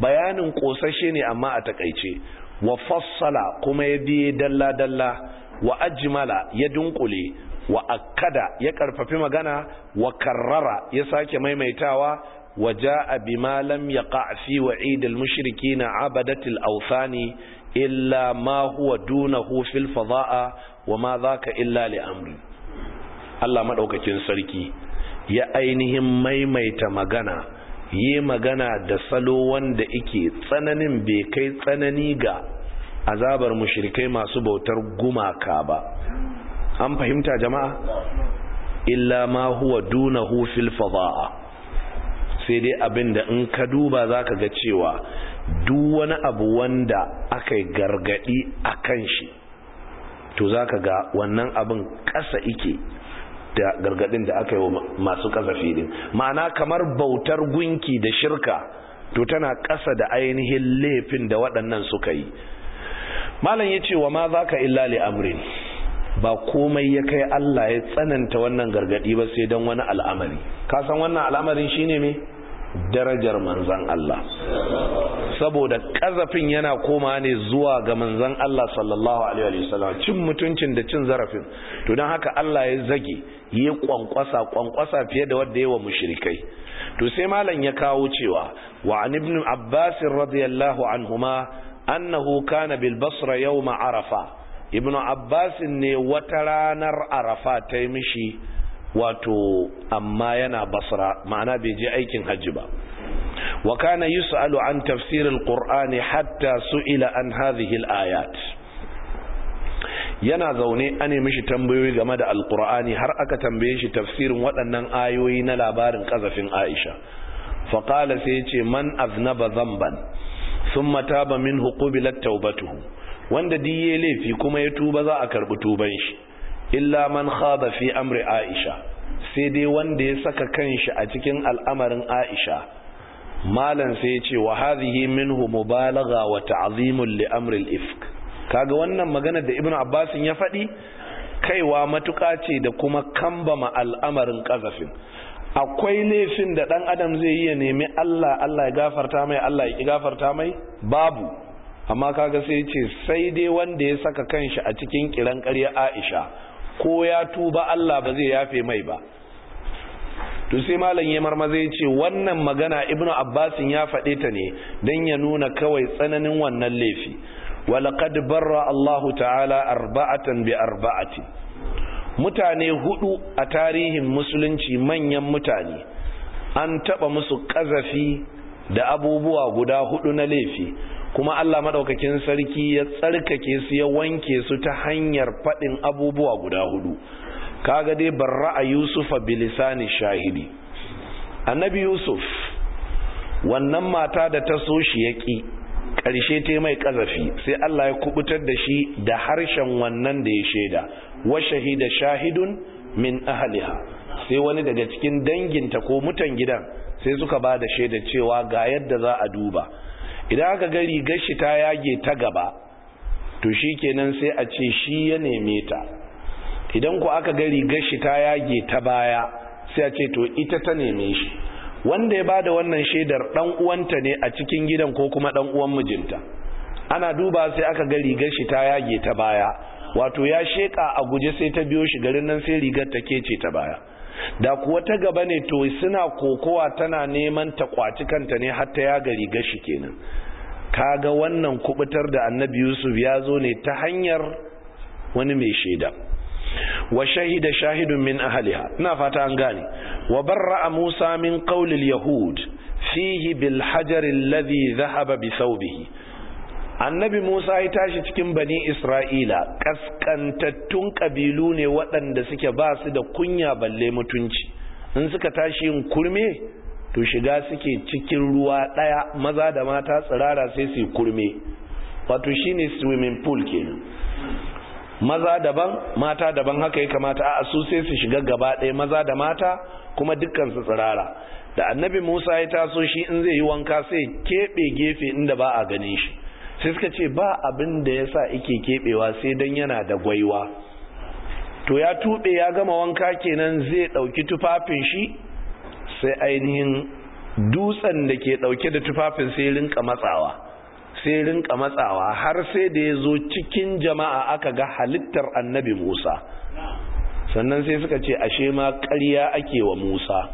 bayanin ƙosashe ne amma a takaice wa fassala kuma ya biye dalla-dalla wa ajmala ya dunkule wa akkada ya karfafi magana wa karrara ya sake maimaitawa wa ja'a bima lam yaqa fi wa'id al-mushrikeen abadatil awthani illa ma huwa dunahu fil wa ma ka illa li amri Allah madaukakin sarki ya ainihin maimaita magana yi magana da salo wanda ike tsananin bai kai tsanani ga azabar mushrikai masu bautar gumaka ba an fahimta jama'a illa ma huwa dunahu fil fada'a sai dai abinda in ka duba zaka ga cewa duk wani abu wanda aka yi gargadi akan shi to zaka ga wannan abin kasa ike da gargadin da aka yi wa masu kasa din ma'ana kamar bautar gunki da shirka to tana ƙasa da ainihin laifin da waɗannan suka yi malam ya ce wa ma za ka illa amrin ba komai ya kai Allah ya tsananta wannan gargadi ba sai don wani al'amari kasan wannan al'amarin shine me darajar manzan Allah saboda kazafin yana koma ne zuwa ga manzan Allah sallallahu alaihi wasallam cin mutuncin da cin zarafin to don haka Allah ya zage ya kwankwasa kwankwasa fiye da wanda yawa mushrikai to sai malam ya kawo cewa wa an ibn Abbas radiyallahu anhuma annahu kana bil Basra yawma Arafa ibn Abbas ne wata ranar Arafa ta mishi wato amma yana basra ma'ana bai je aikin hajji ba wa kana yus'alu an tafsir alqur'ani hatta su'ila an hadhihi alayat yana zaune an yi mishi tambayoyi game da alqur'ani har aka tambaye shi tafsirin waɗannan ayoyi na labarin kazafin Aisha fa qala sai yace man aznaba zamban thumma taba minhu qubilat tawbatuhu wanda diye laifi kuma ya tuba za a karbi tuban shi illa man khada fi amri aisha sai dai wanda ya saka kanshi a cikin al'amarin aisha malan sai ya ce wa hadhihi minhu mubalagha wa ta'zimun li amri al-ifk kaga wannan magana da ibnu abbas ya faɗi kaiwa matuƙa ce da kuma kambama al'amarin kazafin akwai laifin da ɗan adam zai iya nemi Allah Allah ya gafarta mai Allah ya gafarta mai babu amma kaga sai ce sai dai wanda ya saka kanshi a cikin kiran ƙarya Aisha ko ya tuba Allah ba zai yafe mai ba to sai malam ya marmaza yace ce wannan magana ibnu abbasin ya faɗe ta ne don ya nuna kawai tsananin wannan laifi walaqad barra Allahu ta'ala arba'atan bi arba'ati mutane hudu a tarihin musulunci manyan mutane an taba musu kazafi da abubuwa guda hudu na laifi kuma Allah madaukakin sarki ya tsarkake su ya wanke su ta hanyar faɗin abubuwa guda hudu kaga dai barra'a yusufa bilisani shahidi annabi yusuf wannan mata da ta so shi yaki karshe ta mai ƙazafi sai Allah ya kubutar da shi da harshen wannan da ya shaida wa shahida shahidun min ahliha sai wani daga cikin danginta ko mutan gidan sai suka ba da shaida cewa ga yadda za a duba idan aka ga rigar shi ta yage ta gaba to shi kenan sai a ce shi ya neme ta idan ku aka ga rigar shi ta yage ta baya sai a ce to ita ta neme shi wanda ya bada wannan shaidar dan uwanta ne a cikin gidan ko kuma dan uwan mijinta ana duba sai aka ga rigar shi ta yage ta baya wato ya sheka a guje sai ta biyo shi garin nan sai rigar ta kece ta baya da kuwa ta gaba ne to suna kokowa tana neman ta kwaci kanta ne har ta yaga riga gashi kenan kaga wannan kubutar da annabi yusuf ya zo ne ta hanyar wani mai shaida wa shahida shahidun min ahliha ina fata an gane wa barra musa min qawli yahud fihi bil hajar alladhi dhahaba bi thawbihi annabi musa ya tashi cikin bani isra'ila kaskantattun kabilu ne waɗanda suke ba su da kunya balle mutunci in suka tashi yin kurme to shiga suke cikin ruwa ɗaya maza da mata tsirara sai su yi kurme wato shine swimming pool kenan maza daban mata daban haka ya kamata a su sai su shiga gaba ɗaya maza da mata kuma dukkan su tsirara da annabi musa ya taso shi in zai yi wanka sai keɓe gefe inda ba a ganin shi sai suka ce ba abin da ya sa ike keɓewa sai don yana da gwaiwa to ya tuɓe ya gama wanka kenan zai ɗauki tufafin shi sai ainihin dutsen da ke ɗauke da tufafin sai rinka matsawa sai rinka matsawa har sai da ya zo cikin jama'a aka ga halittar annabi musa sannan sai suka ce ashe ma karya ake wa musa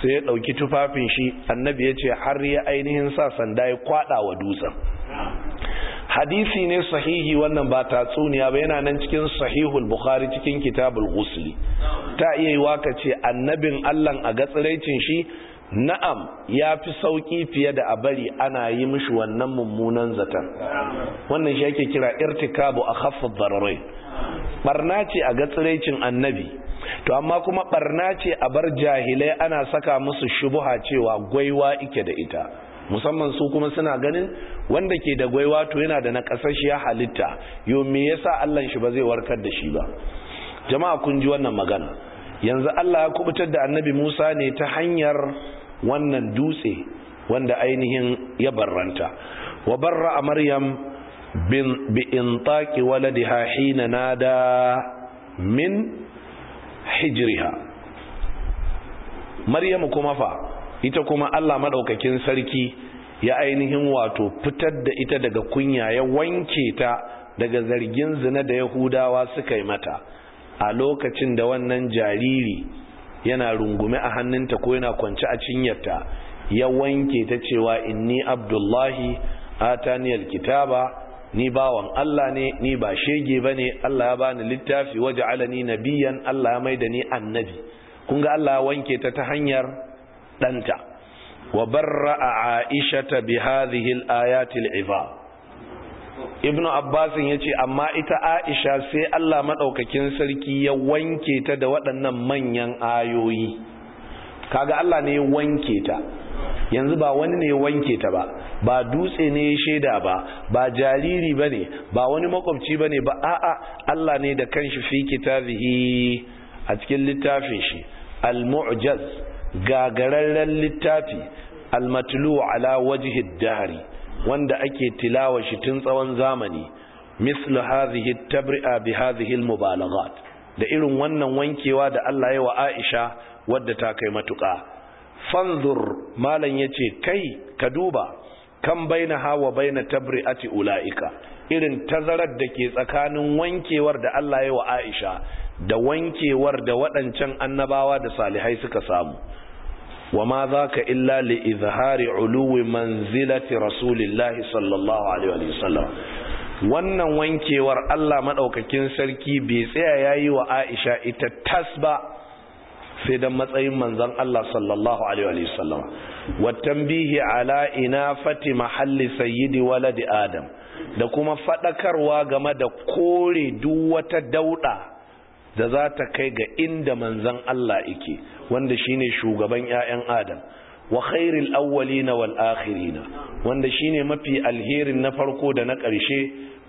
sai ya ɗauki tufafin shi annabi ya ce har ya ainihin sa sanda ya kwaɗa wa dutsen hadisi ne sahihi wannan ba tatsuniya ba yana nan cikin sahihul bukhari cikin kitabul ghusli ta iya yi waka ce annabin allah a gatsiraicin shi na'am ya fi sauƙi fiye da a bari ana yi mishi wannan mummunan zaton wannan shi ake kira irtikabu a haffar zararai barna ce a gatsiraicin annabi to amma kuma barna ce a bar jahilai ana saka musu shubuha cewa gwaiwa ike da ita musamman su kuma suna ganin wanda ke da gwaiwa to yana da nakasashiya halitta yo me yasa Allah shi ba zai warkar da shi ba jama'a kun ji wannan magana yanzu Allah ya kubutar da annabi Musa ne ta hanyar wannan dutse wanda ainihin ya barranta wa barra maryam bin bi intaqi waladiha hina nada min hijriha maryam kuma fa ita kuma Allah madaukakin sarki ya ainihin wato fitar da ita daga kunya ya wanke ta daga zargin zina da Yahudawa suka yi mata a lokacin da wannan jariri yana rungume a hannunta ko yana kwance a cinyarta ya wanke ta cewa inni abdullahi ataniyal kitaba ni bawan Allah ne ni ba shege bane Allah ya bani littafi waje waja'alani nabiyan Allah ya maida ni annabi kun ga Allah ya wanke ta ta hanyar ɗanta wa barra a ta bi hadhihi al-ayatil ibnu abbas yace amma ita aisha sai Allah maɗaukakin sarki ya wanke ta da waɗannan manyan ayoyi kaga Allah ne ya wanke ta yanzu ba wani ne ya wanke ta ba ba dutse ne ya shaida ba ba jariri bane. ba wani makwabci ba ne ba a'a Allah ne da kanshi fi kitabihi a cikin littafin shi al-mu'jaz gagararren littafi almatulu ala wajhi dahari wanda ake tilawa shi tun tsawon zamani mislu hadhihi tabri'a bi hadhihi almubalaghat da irin wannan wankewa da Allah ya wa Aisha wadda ta kai matuƙa fanzur malan yace kai ka duba kan baina hawa baina tabri'ati ulaika irin tazarar da ke tsakanin wankewar da Allah ya wa Aisha da wankewar da waɗancan annabawa da salihai suka samu wa ma ka illa li izhari uluwi manzilati rasulillahi sallallahu alaihi wa sallam wannan wankewar Allah madaukakin sarki bai tsaya yayi wa Aisha ita tas ba sai dan matsayin manzon Allah sallallahu alaihi wa sallam wa tanbihi ala Fati mahalli sayyidi waladi adam da kuma fadakarwa game da kore duk wata dauda da za ta kai ga inda manzan Allah ike wanda shine shugaban 'ya'yan adam wa khairil awwalina wal akhirina wanda shine mafi alherin na farko da na ƙarshe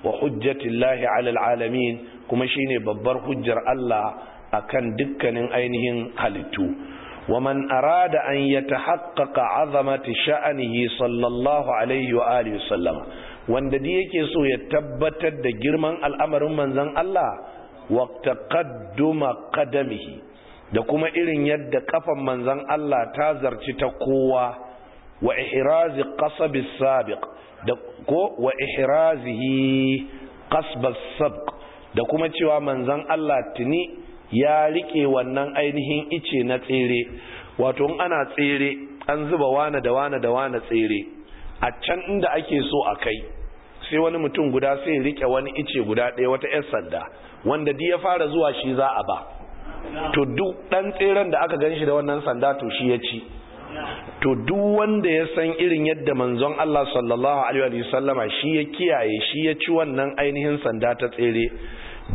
wa hujjatillahi alal alamin kuma shine babbar hujjar Allah akan dukkanin ainihin halittu wa man arada an yatahaqqaqa azamati sha'anihi sallallahu alaihi wa alihi sallama wanda da yake so ya tabbatar da girman al'amarin manzon Allah wa taqadduma qadamihi da kuma irin yadda kafan manzon Allah ta zarci ta kowa wa ihrazi qasab sabiq da ko wa ihrazihi qasb sabq da kuma cewa manzon Allah tuni ya rike wannan ainihin ice na tsere wato in ana tsere an zuba wane da wane da wane tsere a can inda ake so a kai sai wani mutum guda sai rike wani ice guda ɗaya wata 'yan sanda wanda di ya fara zuwa shi za a ba to duk ɗan tseren da aka ganshi da wannan sanda to shi ya ci to duk wanda ya san irin yadda manzon Allah sallallahu alaihi wasallama shi ya kiyaye shi ya ci wannan ainihin sanda ta tsere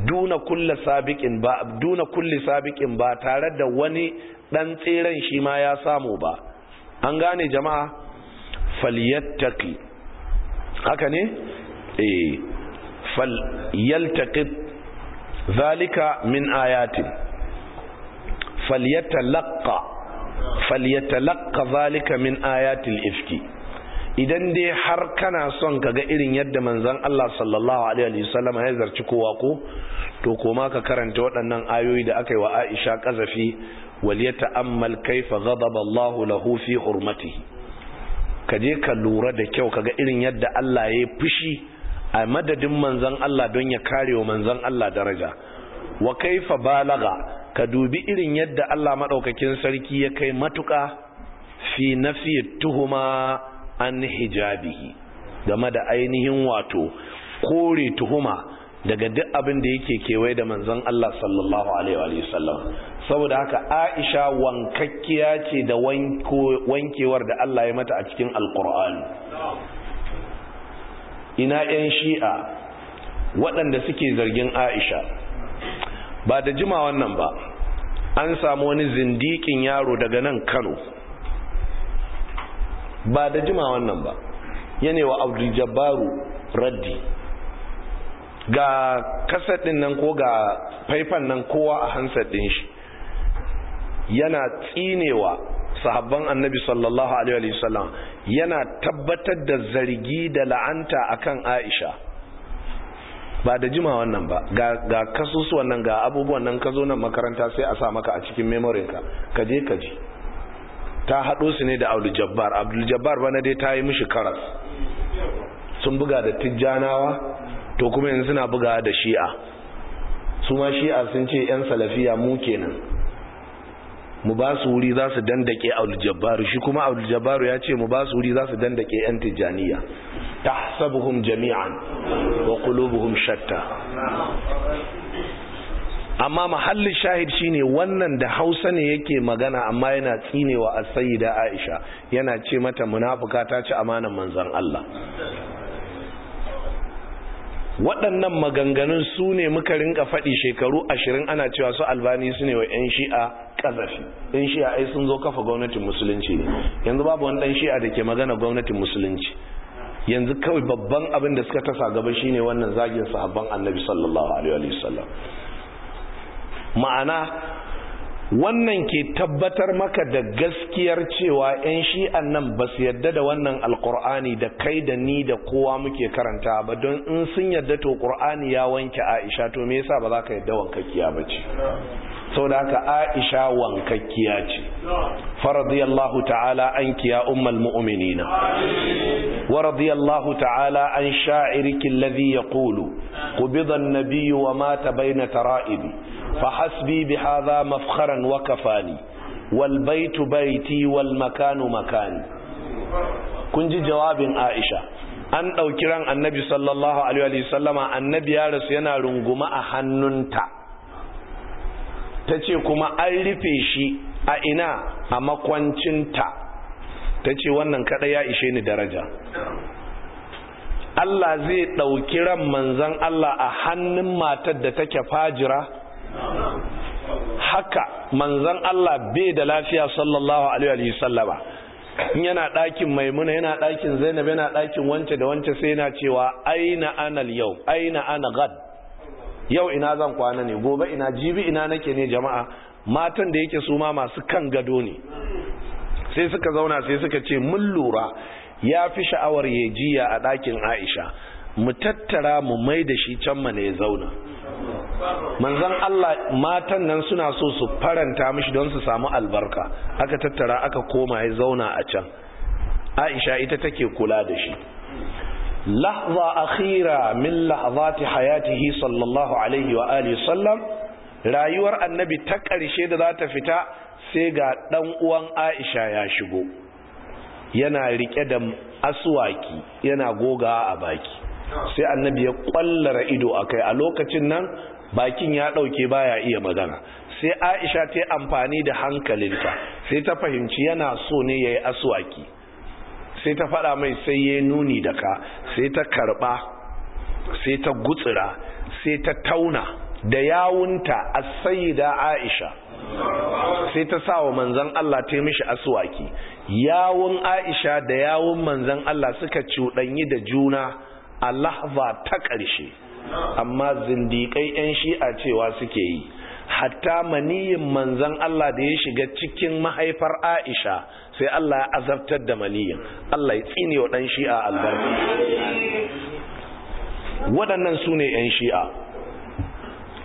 duna kulle sabiqin ba duna sabiqin ba tare da wani dan tseren shi ma ya samu ba an gane jama'a falyattaqi haka ne E, fal zalika min ayatin falyatalaqqa falyatalaqqa zalika min ayatil ifki idan dai har kana son ka ga irin yadda manzon Allah sallallahu alaihi wasallam ya zarci kowa ko to koma ka karanta waɗannan ayoyi da aka yi wa Aisha kazafi wal ammal kayfa ghadaba Allahu lahu fi hurmatihi ka je ka lura da kyau kaga irin yadda Allah ya fushi a madadin manzon Allah don ya kare wa manzon Allah daraja wa kaifa balaga ka dubi irin yadda Allah madaukakin sarki ya kai matuka fi nafi tuhuma an hijabihi game da ainihin wato kore tuhuma daga duk abin da yake kewaye da manzon Allah sallallahu alaihi wa sallam saboda haka aisha wankakkiya ce da wankewar da Allah ya mata a cikin alkur'ani ina 'yan shi'a waɗanda suke zargin aisha ba da jima wannan ba an samu wani zindikin yaro daga nan kano ba da jima wannan ba yanewa abdul raddi ga kasadin nan ko ga faifan nan kowa a hansar din shi yana tsinewa sahabban annabi sallallahu alaihi wasallam yana tabbatar da zargi da la'anta akan Aisha ba da jima wannan ba ga ga kasusuwan nan ga abubuwan nan ka zo nan makaranta sai a sa maka a cikin memory ka kaje je ka ji ta hado su ne da Abdul Jabbar Abdul Jabbar bana dai ta yi mishi karas sun buga da Tijjanawa to kuma yanzu suna buga da Shi'a su ma Shi'a sun ce yan salafiya mu kenan mu ba su wuri za su dandake Aljabaru shi kuma Aljabaru ya ce mu ba su wuri za su dandake yan tijaniya tahsabuhum jami'an wa qulubuhum shatta amma mahallin shahid shine wannan da Hausa ne yake magana amma yana tsinewa a sayyida Aisha yana ce mata munafuka ta ci amanan manzon Allah waɗannan maganganun su ne muka rinka faɗi shekaru ashirin ana cewa su albani su ne wa 'yan shi'a kazafi ɗan shi'a ai sun zo kafa gwamnatin musulunci ne yanzu babu wani ɗan shi'a da ke magana gwamnatin musulunci yanzu kawai babban abin da suka tasa gaba shine wannan zagin sahabban annabi sallallahu alaihi wa sallam. ma'ana wannan ke tabbatar maka da gaskiyar cewa 'yan shi'an nan ba su yadda da wannan alkur'ani da kai da ni da kowa muke karanta ba don in sun yadda to ƙur'ani ya wanke aisha to me yasa ba za ka yadda wankakkiya ba ce saboda haka Aisha wankakkiya ce faradiyallahu ta'ala anki ya ummul mu'minina wa radiyallahu ta'ala an sha'iriki alladhi yaqulu qubida an-nabiyyu wa mata bayna tara'ibi fahasbi bihadha mafkharan wa kafani wal baytu bayti wal makanu makani kun ji jawabin Aisha an ɗauki ran annabi sallallahu alaihi wa annabi ya rasu yana runguma a hannunta ta ce kuma an rufe shi a ina a makwancinta ta ce wannan kada ya ishe ni daraja Allah zai ɗauki ran manzan Allah a hannun matar da take fajira haka manzan Allah bai da lafiya sallallahu alaihi wasallama in yana ɗakin maimuna yana ɗakin zainab yana ɗakin wance da wance sai yana cewa aina anal yau aina ana gad yau ina zan kwana ne gobe ina jibi ina nake ne jama'a matan da yake su ma masu kan gado ne sai suka zauna sai suka ce mun lura ya fi sha'awar ya jiya a ɗakin aisha mu tattara mu mai da shi can mana ya zauna manzan Allah matan nan suna so su faranta mishi don su samu albarka aka tattara aka koma ya zauna a can aisha ita take kula da shi lahza أخيرة min لحظات hayatihi sallallahu alaihi wa وآله sallam rayuwar annabi ta ƙarshe da za ta fita sai ga dan uwan Aisha ya shigo yana rike da aswaki goga sai annabi ya kwallara ido a kai a lokacin nan bakin ya dauke baya iya magana sai Aisha ta yi amfani da hankalinta sai ta fahimci yana so ne ya yi aswaki sai ta faɗa mai sai ya nuni da ka sai ta karɓa sai ta gutsira sai ta tauna da yawunta a sayida aisha sai ta sa wa manzan Allah ta mishi asuwaki yawun aisha da yawun manzan Allah suka cuɗanyi da juna a lahaba ta ƙarshe amma zindiƙai 'yan shi'a cewa suke yi hatta maniyin manzan Allah da ya shiga cikin mahaifar aisha sai Allah ya azabtar da maniyin Allah ya tsine wa ɗan shi'a albarka waɗannan su ne 'yan shi'a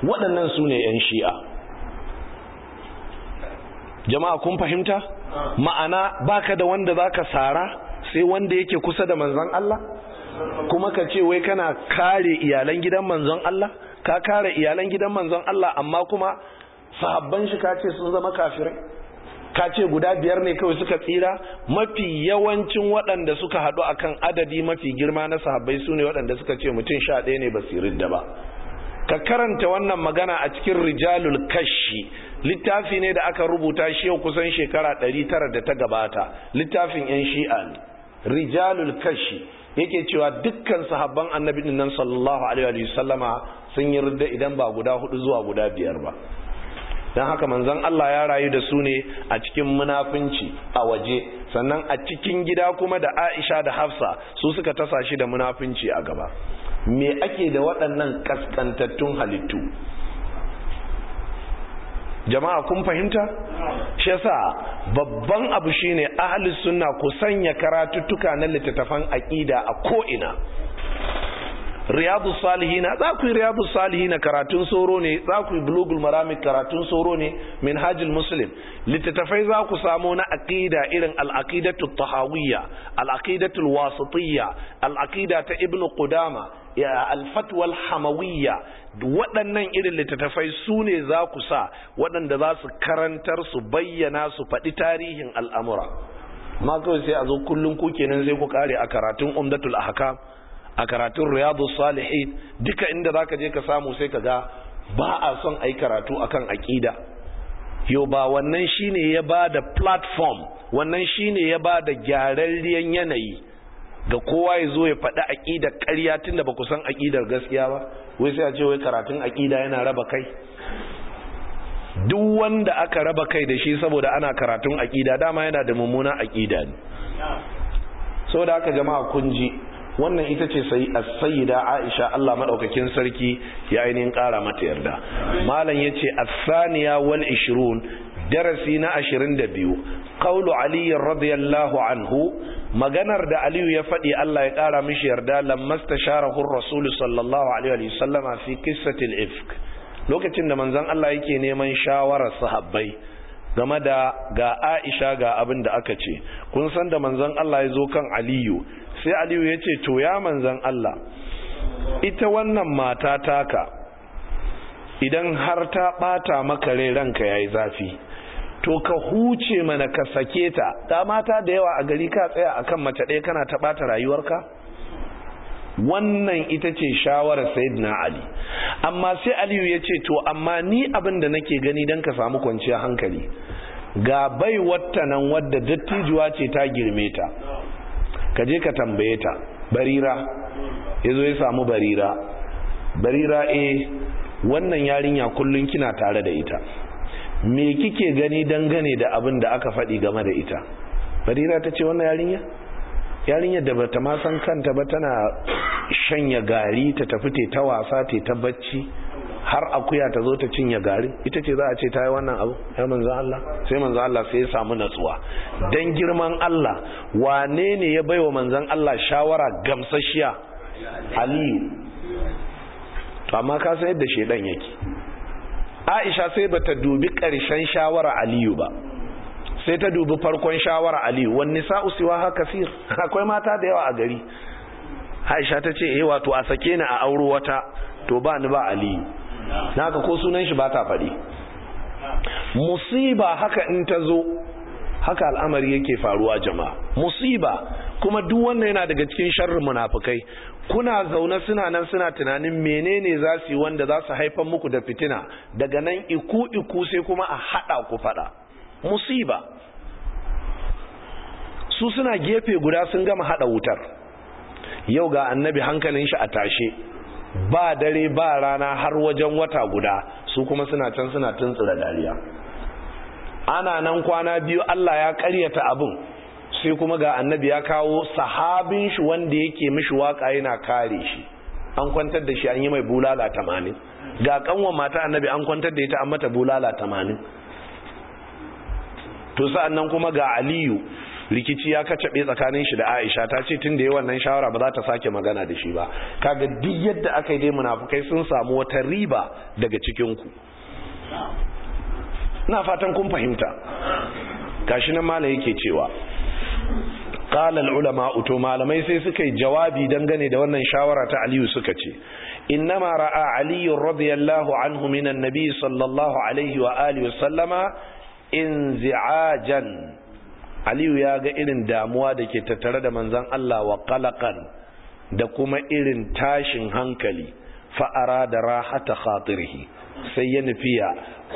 waɗannan su ne 'yan shi'a jama'a kun fahimta ma'ana baka da wanda za ka sara sai wanda yake kusa da manzan Allah kuma ka ce wai kana kare iyalan gidan manzon Allah ka kare iyalan gidan manzon Allah amma kuma sahabban shi ka ce sun zama kafirai ka ce guda biyar ne kawai suka tsira mafi yawancin waɗanda suka haɗu akan adadi mafi girma na sahabbai su ne waɗanda suka ce mutum sha ɗaya ne basirin da ba ka karanta wannan magana a cikin rijalul kashi littafi ne da aka rubuta shi yau kusan shekara ɗari tara da ta gabata littafin yan shi'a ne rijalul kashi yake cewa dukkan sahabban annabi nan sallallahu alaihi wa sallama sun yi ridda idan ba guda hudu zuwa guda biyar ba don haka manzon Allah ya rayu da su ne a cikin munafunci a waje sannan a cikin gida kuma da Aisha da Hafsa su suka tasa shi da munafunci a gaba me ake da waɗannan kaskantattun halittu jama'a kun fahimta shi yasa babban abu shine ahli sunna ku sanya karatuttuka na littattafan aƙida a ko'ina. riyadu salihina za ku yi riyadu salihina karatun soro ne za ku yi bulugul marami karatun soro ne min hajjil muslim littattafai za ku samu na aqida irin al'aqidatu tahawiyya al'aqidatu wasatiyya al'aqida ta ibn qudama ya alfatwal hamawiyya waɗannan irin littattafai su ne za ku sa waɗanda za su karantar su bayyana su faɗi tarihin al'amura ma kawai sai a zo kullum ku kenan sai ku kare a karatun umdatul ahkam a karatun riyadu salihin duka inda za ka je ka samu sai ka ga ba a son ai karatu akan aƙida yo ba wannan shine ya ba da platform wannan shine ya ba da gyararriyan yanayi ga kowa ya zo ya faɗi aƙidar ƙarya tunda ba ku san aƙidar gaskiya ba wai sai a ce wai karatun aƙida yana raba kai duk wanda aka raba kai da shi saboda ana karatun aƙida dama yana da mummuna aƙida ne saboda haka jama'a kun ji wannan ita ce sai as-sayyida Aisha Allah madaukakin sarki ya ainihin kara mata yarda malam yace as-saniya wal 20 darasi na ashirin 22 qawlu ali radiyallahu anhu maganar da aliyu ya faɗi Allah ya ƙara mishi yarda lammasta sharahu rasulu sallallahu alaihi wasallama fi ifk lokacin da manzon Allah yake neman shawarar sahabbai game da ga Aisha ga abin da aka ce kun san da manzon Allah ya zo kan Aliyu sai aliyu ya ce to ya manzan Allah ita wannan mata taka idan har ta bata maka rai ranka yi zafi to ka huce mana ka sake ta ta mata da yawa a gari ka tsaya a kan mace ɗaya kana ta bata rayuwarka wannan ita ce shawarar na ali amma sai aliyu ya ce to amma ni abin da nake gani don ka samu kwanciyar hankali ga bai wata nan wadda dattijuwa ce ta girme ta ka je ka tambaye ta barira ya zo ya samu barira barira e wannan yarinya kullum kina tare da ita me kike gani dangane da abin da aka faɗi game da ita barira ta ce wannan yarinya yarinya da bata ma san kanta ba tana shanya gari ta tafi ta wasa ta ta bacci har akuya ta zo ta cinye gari ita ce za a ce ta yi wannan abu ya manzo Allah sai manzo Allah sai ya samu natsuwa dan girman Allah wane ne ya baiwa manzon Allah shawara gamsashiya Aliyu to amma ka san yadda shedan yake Aisha sai bata dubi karshen shawara Aliyu ba sai ta dubi farkon shawara Aliyu wan nisa'u siwa haka kasir akwai mata da yawa a gari Aisha ta ce eh wato a sake ni a auro wata to ba ni ba Aliyu na ko sunan shi ba ta faɗi musiba haka in ta zo haka al'amari yake faruwa jama'a musiba kuma duk wannan yana daga cikin sharrin munafikai kuna zaune suna nan suna tunanin menene za su yi wanda za su haifar muku da fitina daga nan iku iku sai kuma a hada ku fada musiba su suna gefe guda sun gama hada wutar yau ga annabi hankalin shi a tashe ba dare ba rana har wajen wata guda su kuma suna can suna tuntsura dariya ana nan kwana biyu Allah ya karyata abin sai kuma ga annabi ya kawo sahabin shi wanda yake mishi waka yana kare shi an kwantar da shi an yi mai bulala tamanin ga kanwa mata annabi an kwantar da ita an mata bulala tamanin to sa'an nan kuma ga aliyu rikici ya kacaɓe tsakanin shi da Aisha ta ce tun da yawan shawara ba za ta sake magana da shi ba kaga duk yadda aka yi dai munafukai sun samu wata riba daga cikin ku na fatan kun fahimta gashi nan malam yake cewa qala al ulama malamai sai suka yi jawabi dangane da wannan shawara ta Aliyu suka ce innama ra'a Ali radiyallahu anhu min sallallahu alaihi wa alihi wa sallama inzi'ajan aliyu ya ga irin damuwa da ke tattare da manzan Allah wa kalakan da kuma irin tashin hankali fa'ara da rahata khatirhi sai ya ya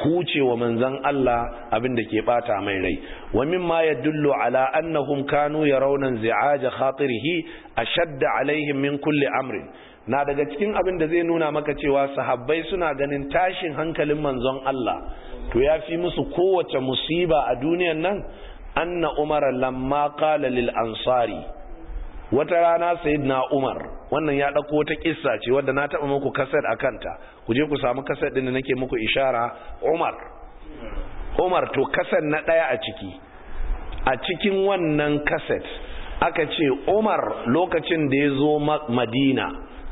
huce wa manzan Allah abin da ke bata mai rai wa mimma ya dullo ala annahum kanu ya raunan zi'aja khatirhi a shadda alaihim min kulle amrin na daga cikin abin da zai nuna maka cewa sahabbai suna ganin tashin hankalin manzon Allah to ya fi musu kowace musiba a duniyan nan anna umar لما قال للأنصاري ansari wata rana na umar wannan ya dauko wata kissa ce wadda na taba muku kasar a kanta, ku je ku samu kasar ɗin da nake muku ishara umar umar to kasar na ɗaya a ciki a cikin wannan kaset aka ce umar lokacin da ya zo madina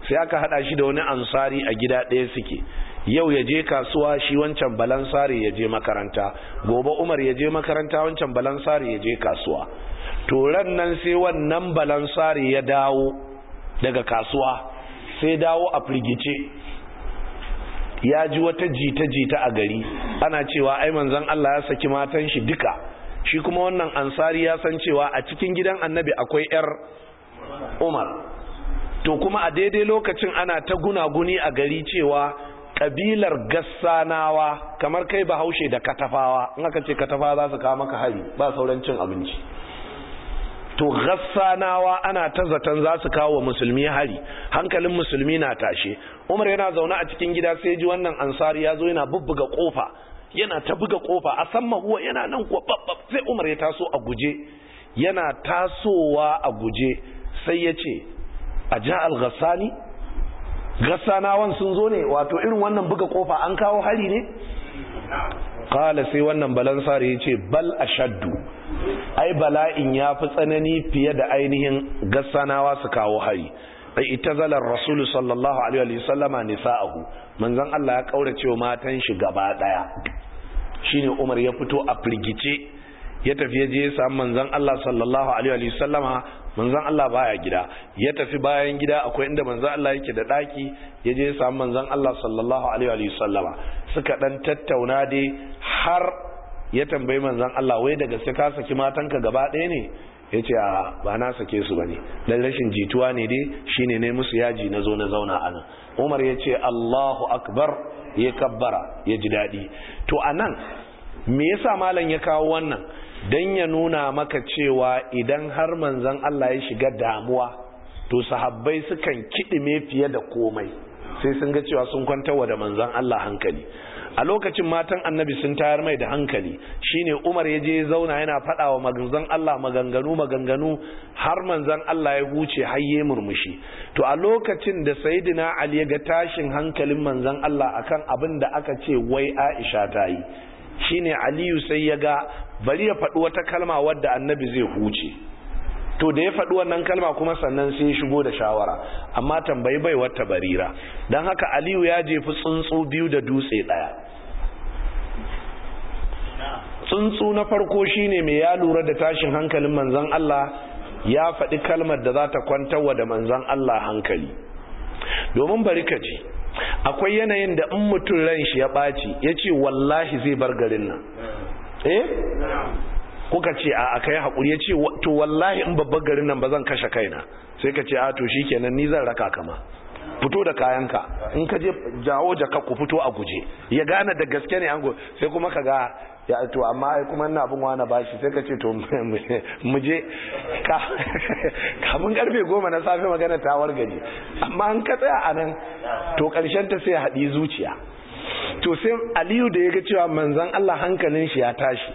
sai aka haɗa shi da wani ansari a gida ɗaya suke yau ya je kasuwa shi wancan balansari ya je makaranta gobe umar ya je makaranta wancan balansari ya je kasuwa to ran nan sai wannan balansari ya dawo daga kasuwa sai dawo a firgice ya ji wata jita-jita a gari ana cewa ai manzon Allah ya saki matan shi duka shi kuma wannan ansari ya san cewa a cikin gidan annabi akwai 'yar umar to kuma a daidai lokacin ana ta guna guni a gari cewa kabilar gassanawa kamar kai bahaushe da katafawa in aka ce katafawa za su kawo maka hari ba sauran cin abinci to gassanawa ana ta zaton za su kawo wa musulmi hari hankalin musulmi na tashe umar yana zaune a cikin gida sai ji wannan ansari ya zo yana bubbuga kofa yana ta buga kofa a san mahuwa yana nan kuwa babbab sai umar ya taso a guje yana tasowa a guje sai ya ce a ja al-ghassani gassanawan sun zo ne wato irin wannan buga kofa an kawo hari ne kala sai wannan balansari ya ce bal shaddu. ai bala'in ya fi tsanani fiye da ainihin gassanawa su kawo hari ai ita zalar rasulu sallallahu alaihi wasallama nisa'ahu manzan Allah ya cewa matan shi gaba daya ne Umar ya fito a firgice ya tafi je ya samu Allah sallallahu alaihi sallama Manzan Allah baya gida ya tafi bayan gida akwai inda manzan Allah yake da daki ya je ya samu manzan Allah sallallahu alaihi wa sallama suka dan tattauna dai har ya tambayi manzan Allah wai daga sai ka saki matanka gaba ɗaya ne ya ce a ba na sake su bane dan rashin jituwa ne dai shine ne musu yaji na zo na zauna a Umar ya ce Allahu akbar ya kabbara ya ji daɗi to anan me yasa malam ya kawo wannan don ya nuna maka cewa idan har manzan Allah ya shiga damuwa to sahabbai sukan kiɗime fiye da komai sai sun ga cewa sun wa da manzan Allah hankali a lokacin matan annabi sun tayar mai da hankali shine umar ya je zauna yana faɗa wa maganzan Allah maganganu maganganu har manzan Allah ya huce hayye murmushi to a lokacin da sayyidina ali ya ga tashin hankalin manzan Allah akan abin da aka ce wai Aisha ta yi shine aliyu sai ya ga bari ya faɗi wata kalma wadda annabi zai huce to da ya faɗi wannan kalma kuma sannan sai ya shigo da shawara amma tambayi bai wata barira don haka aliyu ya jefi tsuntsu biyu da dutse ɗaya tsuntsu na farko shine mai ya lura da tashin hankalin manzan Allah ya faɗi kalmar da za ta wa da manzan Allah hankali domin bari ka ji akwai yanayin da in mutum ran shi ya ɓaci ya ce wallahi zai bar garin nan eh kuka ce a aka yi haƙuri ya ce to wallahi in babban garin nan ba zan kashe kaina sai ka ce a to shi kenan ni zan raka kama fito da kayanka in ka je jawo jaka ku fito a guje ya gane da gaske ne ango sai kuma ka ga ya to amma kuma ina bin wani bashi sai ka ce to mu je kafin karfe goma na safe magana ta wargaje amma an ka tsaya a nan to karshen ta sai haɗi zuciya to sai aliyu da ya ga cewa manzan Allah hankalin shi ya tashi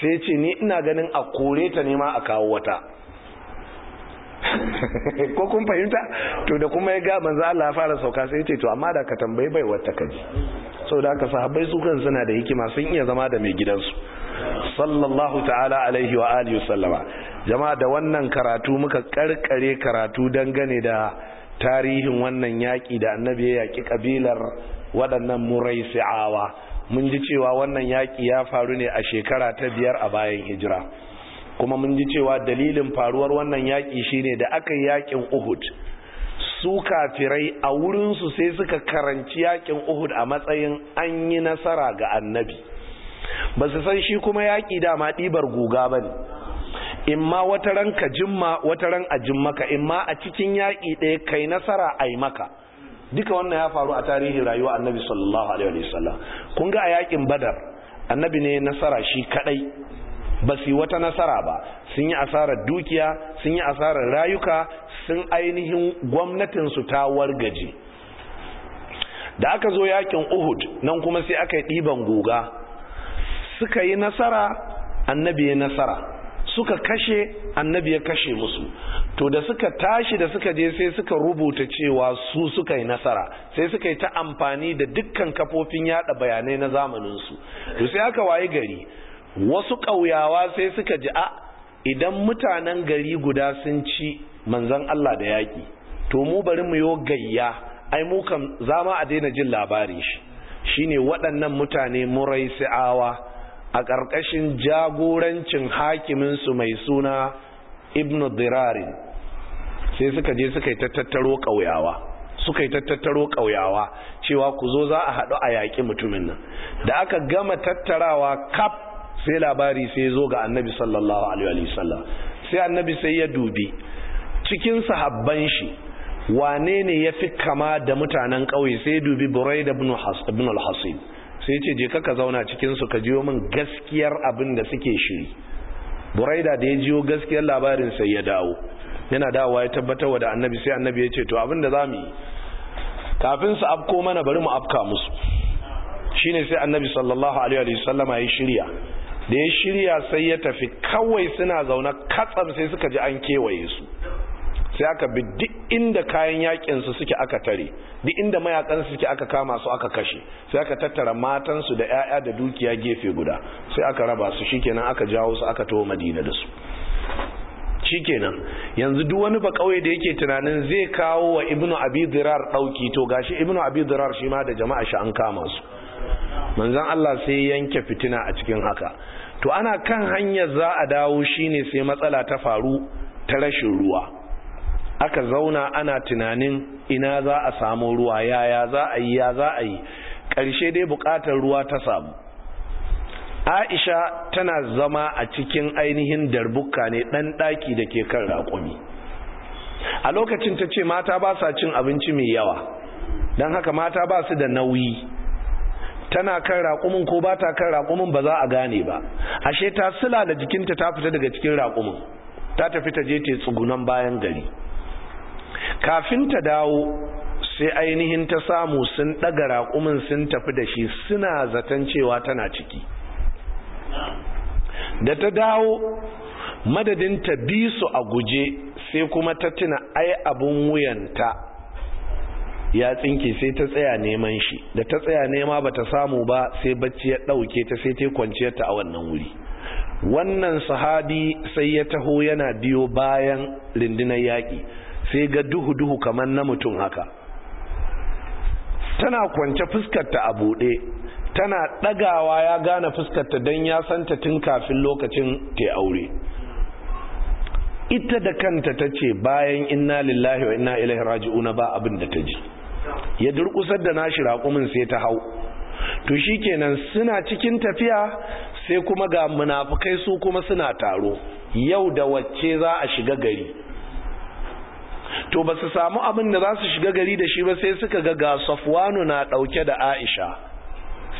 sai ya ce ni ina ganin a kore ta nema a kawo wata ko kun fahimta to da kuma ya ga manzan Allah ya fara sauka sai ya ce to amma da ka tambayi bai wata kaji da aka sahabbai su kan suna da hikima sun iya zama da mai gidansu sallallahu ta'ala alaihi wa alihi sallama jama'a da wannan karatu muka karkare karatu dangane da tarihin wannan yaki da annabi ya yaki kabilar waɗannan muraisi'awa mun ji cewa wannan yaƙi ya faru ne a shekara ta biyar a bayan hijira kuma mun ji cewa dalilin faruwar wannan yaƙi shine da aka yi yaƙin uhud su kafirai a wurinsu sai suka karanci yaƙin uhud a matsayin an yi nasara ga annabi ba su san shi kuma yaƙi dama ɗibar guga ba ne in ma wata ran ka jimma wata ran a jimmaka in ma a cikin yaƙi ɗaya kai nasara a yi maka duka wannan ya faru a tarihin rayuwa annabi sallallahu alaihi wa sallam. kun ga a yakin badar annabi ne nasara shi kadai ba su yi wata nasara ba sun yi asarar dukiya sun yi asarar rayuka sun ainihin gwamnatinsu ta wargaje da aka zo yakin uhud nan kuma sai aka yi ɗiban guga suka yi nasara annabi ya nasara suka kashe annabi ya kashe musu to da suka tashi da suka je sai suka rubuta cewa su suka yi nasara sai suka yi ta amfani da dukkan kafofin yada bayanai na zamaninsu to sai aka waye gari wasu ƙauyawa sai suka ji a idan mutanen gari guda sun ci manzan Allah da yaƙi to mu bari mu yo gayya ai mu kam zama a daina jin labarin shi shine waɗannan mutane muraisi'awa a ƙarƙashin jagorancin hakiminsu mai suna ibnu dirarin sai suka je suka yi tattaro ƙauyawa suka yi tattaro ƙauyawa cewa ku zo za a haɗu a yaƙi mutumin nan da aka gama tattarawa kaf sai labari sai zo ga annabi sallallahu alaihi wasallam sai annabi sai ya dubi cikin sahabban shi wane ne ya fi kama da mutanen ƙauye sai dubi burai da ibn al-hasib sai ce je ka zauna cikinsu ka jiyo min gaskiyar abin da suke shiri buraida da ya jiyo gaskiyar labarin sai ya dawo yana dawowa ya tabbatar wa da annabi sai annabi ya ce to abin da za mu yi kafin su afko mana bari mu afka musu shine sai annabi sallallahu alaihi wasallama ya shirya da ya shirya sai ya tafi kawai suna zaune katsam sai suka ji an kewaye su sai aka bi duk inda kayan yakin suke aka tare duk inda mayakan suke aka kama su aka kashe sai aka tattara matansu da yaya da dukiya gefe guda sai aka raba su shikenan aka jawo su aka taho Madina da su shikenan yanzu duk wani bakauye da yake tunanin zai kawo wa Ibnu Abi Dirar dauki to gashi Ibnu Abi Dirar shi ma da jama'a shi an kama su manzon Allah sai yanke fitina a cikin haka to ana kan hanyar za a dawo shine sai matsala ta faru ta rashin ruwa aka zauna ana tunanin ina za a samu ruwa yaya za a yi ya za a yi ƙarshe dai buƙatar ruwa ta samu aisha tana zama a cikin ainihin darbuka ne ɗan ɗaki da ke kan raƙumi a lokacin ta ce mata ba sa cin abinci mai yawa don haka mata ba su da nauyi tana kan raƙumin ko ba ta kan raƙumin ba za a gane ba ashe ta sula da jikinta ta fita daga cikin raƙumin ta tafi ta je ta tsugunan bayan gari kafin ta dawo sai ainihin ta samu sun ɗaga raƙumin sun tafi da shi suna zaton cewa tana ciki da ta dawo madadin ta bi su a guje sai kuma ta tuna ai abin wuyanta ya tsinke sai ta tsaya neman shi da ta tsaya nema ba ta samu ba sai bacci ya ɗauke ta sai ta kwanciyar ta a wannan wuri wannan sahabi sai ya taho yana biyo bayan rindinar yaƙi sai ga duhu duhu kamar na mutum haka tana kwance fuskarta a buɗe tana ɗagawa ya gane fuskarta don ya santa tun kafin lokacin ta aure ita da kanta ta ce bayan inna lillahi wa inna ilaihi raji'una ba abin da ta ji ya durkusar da nashi raƙumin sai ta hau to shikenan suna cikin tafiya sai kuma ga munafukai su kuma suna taro yau da wacce za a shiga gari to ba su samu abin da za su shiga gari da shi ba sai suka ga ga safwanu na ɗauke da aisha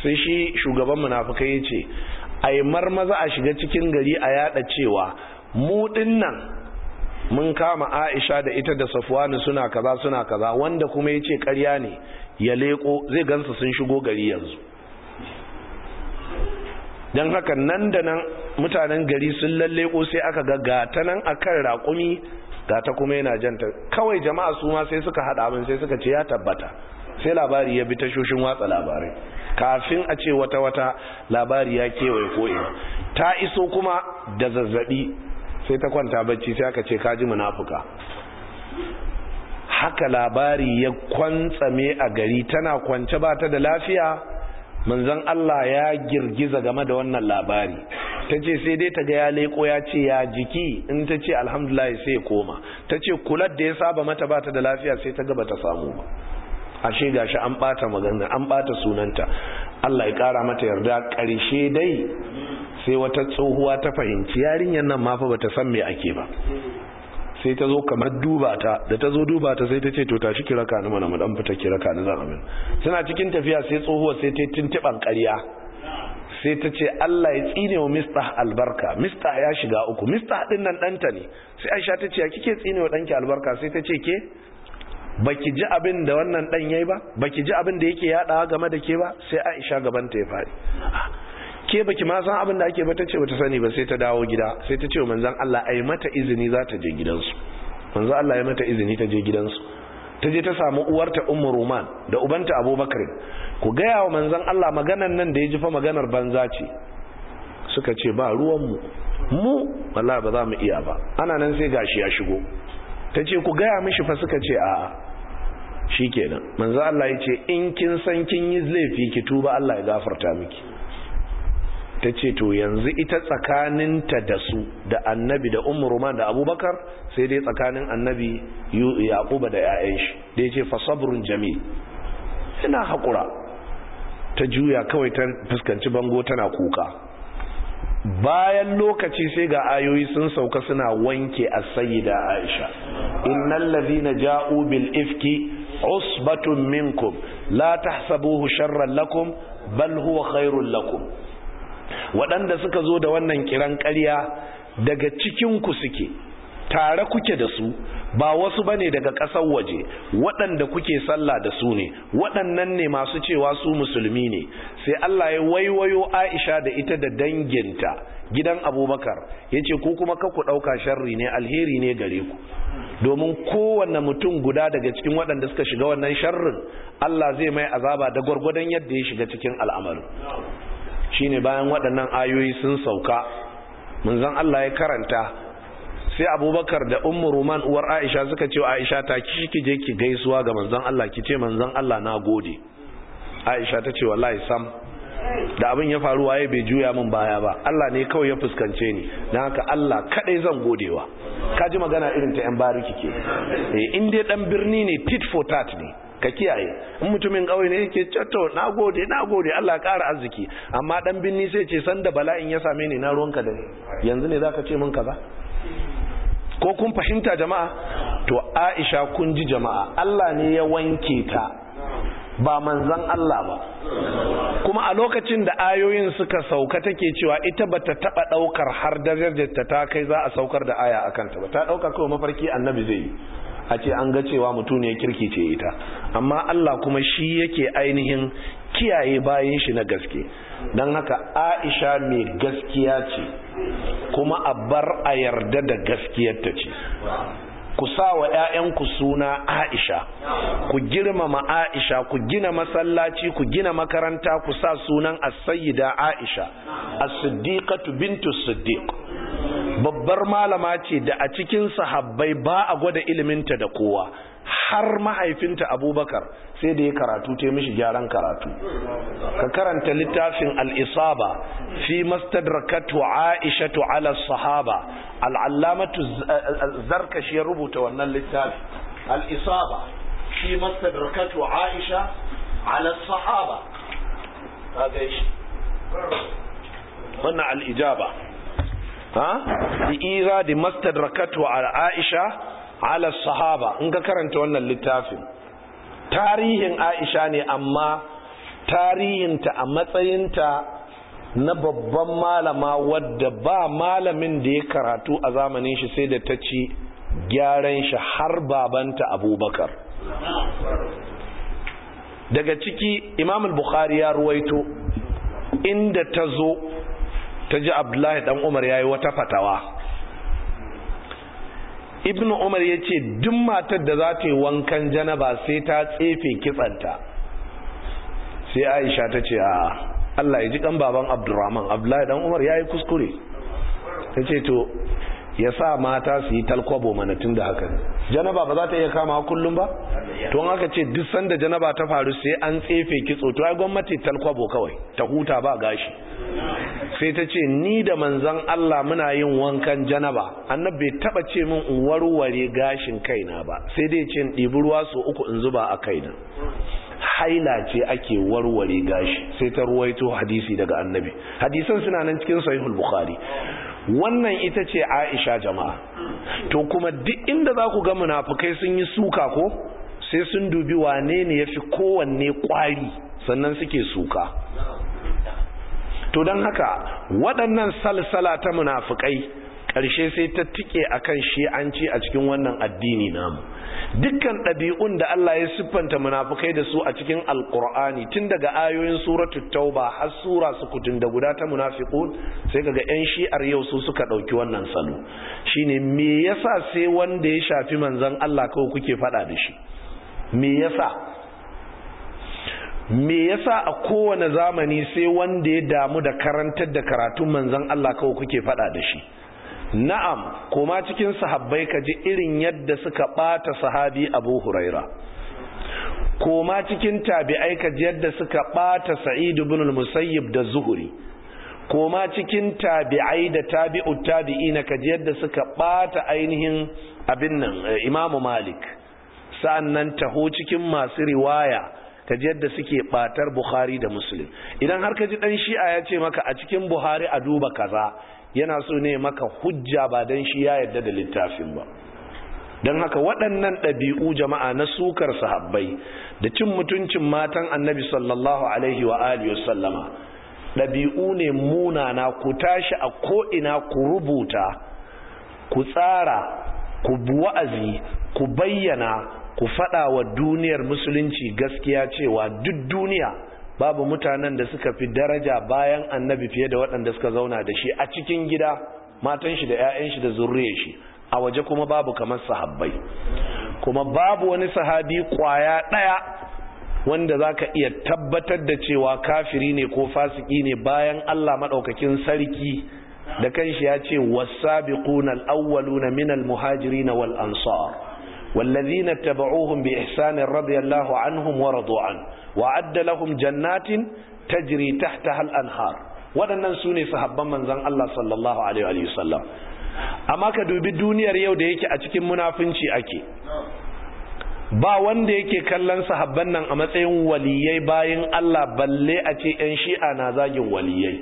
sai shi shugaban munafukai ya ce a yi marmaza a shiga cikin gari a yada cewa mu nan mun kama aisha da ita da safwanu suna kaza suna kaza wanda kuma ya ce karya ne ya leko zai gansu sun shigo gari yanzu don haka nan da nan mutanen gari sun lalleko sai aka ga gata nan akan raƙumi ga ta kuma yana janta kawai jama'a su ma sai suka haɗa abin sai suka ce ya tabbata sai labari ya bi tashoshin watsa labarai kafin a ce wata wata labari ya kewaye ko'ina ta iso kuma da zazzabi sai ta kwanta bacci sai aka ce kaji munafuka haka labari ya kwantsame a gari tana kwance ba ta da lafiya manzon Allah ya girgiza game da wannan labari ta ce sai dai ta ga ya leko ya ce ya jiki in ta ce alhamdulillah sai koma ta ce kulat da ya saba mata bata da lafiya sai ta gaba ta samu ba ashe gashi an bata magana an bata sunanta Allah ya kara mata yarda karshe dai sai wata tsohuwa ta fahimci yarinyar nan ma fa bata san me ake ba sai ta zo kamar duba ta da ta zo duba ta sai ta ce to tashi kira ka ni mana mu dan fita kira ka ni zan amin suna cikin tafiya sai tsohuwa sai ta tintiban ƙarya sai ta ce Allah ya tsine wa Mr albarka Mr ya shiga uku Mr din nan ɗanta ne sai aisha ta ce a kike tsine wa ɗanki albarka sai ta ce ke baki ji abin da wannan ɗan yayi ba baki ji abin da yake yaɗawa game da ke ba sai aisha gaban ta ya fari ke baki ma san abin da ake ba ta ce bata sani ba sai ta dawo gida sai ta ce wa manzon Allah ai mata izini za ta je gidansu manzon Allah ya mata izini ta je gidansu ta je ta samu uwarta ummu roman da ubanta abubakar ku gaya wa manzan Allah maganan nan da ya ji fa maganar banza ce suka ce ba ruwanmu mu wallahi ba za mu iya ba ana nan sai gashi ya shigo ta ce ku gaya mishi fa suka ce a'a kenan, manzan Allah ya ce in kin san kin yi laifi ki tuba Allah ya gafarta miki ta ce to yanzu ita tsakaninta da su da annabi da umruman da abubakar sai dai tsakanin annabi yaquba da 'ya'yan shi da ya ce fasabrun jami ina haƙura ta juya kawai ta fuskanci bango tana kuka bayan lokaci sai ga ayoyi sun sauka suna wanke a sayida aisha innal na ja'u bil ifki usbatun minkum la tahsabuhu sharran lakum bal huwa khairun lakum waɗanda suka zo da wannan kiran ƙarya daga cikinku suke tare kuke da su ba wasu bane daga ƙasar waje waɗanda kuke sallah da su ne waɗannan ne masu cewa su musulmi ne sai Allah ya waiwayo Aisha da ita da danginta gidan Abubakar ya ce ku kuma ka ku ɗauka sharri ne alheri ne gare ku domin kowane mutum guda daga cikin waɗanda suka shiga wannan sharrin Allah zai mai azaba da gwargwadon yadda ya shiga cikin al'amarin shine bayan waɗannan ayoyi sun sauka zan Allah ya karanta sai abubakar da ummu ruman uwar aisha suka ce aisha ta ki je ki gaisuwa ga manzon Allah ki ce manzon Allah na gode aisha ta ce wallahi sam da abin ya faru waye bai juya min baya ba Allah ne kawai ya fuskance ni dan haka Allah kadai zan godewa ka ji magana irin ta yan bariki ke eh in dai dan birni ne tit for tat ne ka kiyaye in mutumin ƙauye ne yake cato na gode na gode Allah ƙara arziki amma dan binni sai ce sanda bala'in ya same ni na ruwanka da ni yanzu ne zaka ce min kaza ko kun fahimta jama'a to Aisha kun ji jama'a Allah ne ya wanke ta ba manzan Allah ba kuma a lokacin da ayoyin suka sauka take cewa ita bata taba daukar har darajar ta ta kai za a saukar da aya akan ta ba ta dauka kawai mafarki annabi zai yi a ce an ga cewa mutum ne kirki ce ita amma Allah kuma shi yake ainihin kiyaye bayan shi na gaske don haka aisha mai gaskiya ce kuma a bar a yarda da gaskiyarta ce ku sa wa 'ya'yanku suna aisha ku girmama aisha ku gina masallaci ku gina makaranta ku sa sunan as-sayyida aisha as-siddiqatu bintu siddiq babbar malama ce da a cikin sahabbai ba a gwada iliminta da kowa har mahaifinta abubakar sai da ya karatu ta mishi gyaran karatu ka karanta littafin al'isaba fi mastadrakatu aishatu ala sahaba al'allamatu zarkashi ya rubuta wannan littafi al'isaba fi mastadrakatu aisha ala sahaba wannan al'ijaba ha di ira di rakatu ala aisha ala sahaba in ka karanta wannan littafin tarihin aisha ne amma tarihinta a matsayinta na babban malama wadda ba malamin da ya karatu a zamanin shi sai da ta ci gyaran shi har babanta abubakar daga ciki imamul bukhari ya ruwaito inda ta zo ta ji abdullahi dan umar ya yi wata fatawa ibn umar ya ce duk matar da za ta yi wankan janaba sai ta tsefe kitsanta sai aisha ta ce a allah ya ji kan baban abdurrahman abdullahi dan umar ya yi kuskure ta ce to ya sa mata su yi talkwabo mana tun da haka janaba ba za ta iya kama kullum ba to an aka ce duk sanda janaba ta faru sai an tsefe kitso to ai gwamnati talkwabo kawai ta huta ba gashi sai ta ce ni da manzan Allah muna yin wankan janaba annabi bai taba ce min in warware gashin kaina ba sai dai ce in ɗibi ruwa su uku in zuba a kaina haila ce ake warware gashi sai ta ruwaito hadisi daga annabi hadisan suna nan cikin sahihul bukhari wannan ita ce aisha jama'a to kuma duk inda za ku ga munafukai sun yi suka ko sai sun dubi wane ne ya fi kowanne kwari sannan suke suka to don haka waɗannan salsala ta munafukai ƙarshe sai ta tike a kan shi'anci a cikin wannan addini namu dukkan ɗabi'un da Allah ya siffanta munafukai da su a cikin alƙur'ani tun daga ayoyin suratu tauba har sura su kutun da guda ta munafiqun sai kaga yan shi'ar yau su suka ɗauki wannan salo shine me yasa sai wanda ya shafi manzon Allah kawai kuke faɗa da shi me yasa me yasa a kowane zamani sai wanda ya damu da karantar da karatun manzan Allah kawai kuke faɗa da shi na'am koma cikin sahabbai ka ji irin yadda suka ɓata sahabi abu huraira koma cikin tabi'ai ka ji yadda suka ɓata Sa'idu ibn musayyib da zuhuri koma cikin tabi'ai da tabi'u tabi'ina ka ji yadda suka ɓata ainihin abin nan eh, imamu malik sa'annan taho cikin masu riwaya ta ji yadda suke batar buhari da muslim idan har ka ji dan shi'a ya ce maka a cikin buhari a duba kaza yana so ne maka hujja ba dan shi ya yadda da littafin ba don haka waɗannan ɗabi'u jama'a na sukar sahabbai da cin mutuncin matan annabi sallallahu alaihi wa aliyu sallama ɗabi'u ne munana ku tashi a ko'ina ku rubuta ku tsara ku wa'azi ku bayyana ku faɗa wa duniyar musulunci gaskiya cewa duk duniya babu mutanen da suka fi daraja bayan annabi fiye da waɗanda suka zauna da shi a cikin gida matan shi da 'ya'yan shi da zurriye shi a waje kuma babu kamar sahabbai kuma babu wani sahabi kwaya ɗaya wanda za ka iya tabbatar da cewa kafiri ne ko fasiki ne bayan Allah maɗaukakin sarki da kanshi ya ce wasabiquna awwalu awwaluna minal muhajirin wal ansar والذين اتبعوهم بإحسان رضي الله عنهم ورضوا عنه وأعد لهم جنات تجري تحتها الأنهار waɗannan su ne sahabban manzan Allah sallallahu alaihi amma ka dubi duniyar yau da yake a cikin munafunci ake ba wanda yake kallon sahabban nan a matsayin waliyai bayan Allah balle a ce yan shi'a na zagin waliyai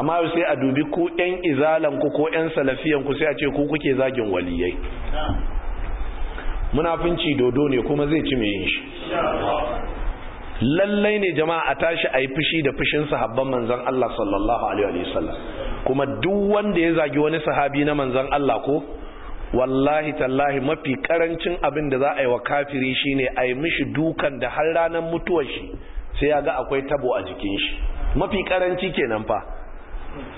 amma yau sai a dubi ku yan izalanku ko yan salafiyanku sai a ce ku kuke zagin waliyai munafinci dodo ne kuma zai ci mai yin shi lallai ne jama'a a tashi a yi fushi da fushin sahabban manzan Allah sallallahu alaihi wasallam kuma duk wanda ya zagi wani sahabi na manzan Allah ko wallahi tallahi mafi karancin abin da za a yi wa kafiri shine a yi mishi dukan da har ranar mutuwar shi sai ya ga akwai tabo a jikin shi mafi karanci kenan fa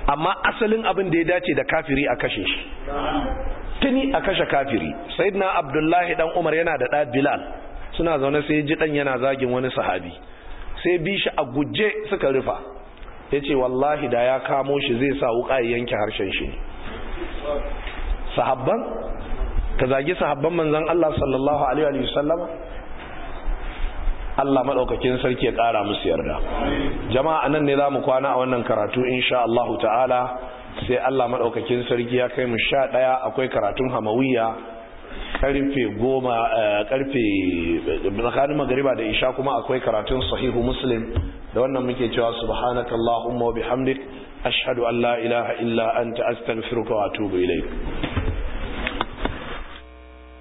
amma asalin abin da ya dace da kafiri a kashe shi tuni a kashe kafiri sayyidina abdullahi dan umar yana da ɗa bilal suna zaune sai ji ɗan yana zagin wani sahabi sai bi shi a guje suka rufa ya ce wallahi da ya kamo shi zai sa wuƙa ya yanke harshen shi sahabban ka zagi sahabban manzan Allah sallallahu alaihi wasallama Allah maɗaukakin sarki ya ƙara musu yarda jama'a nan ne zamu kwana a wannan karatu insha Allah ta'ala sai Allah maɗaukakin sarki ya kai mu ɗaya akwai karatun hamawiya karfe goma eh, karfe tsakanin magariba da isha kuma akwai karatun sahihu muslim da wannan muke cewa subhanaka allahumma wa bihamdik ashhadu an la ilaha illa anta astaghfiruka wa atubu ilaik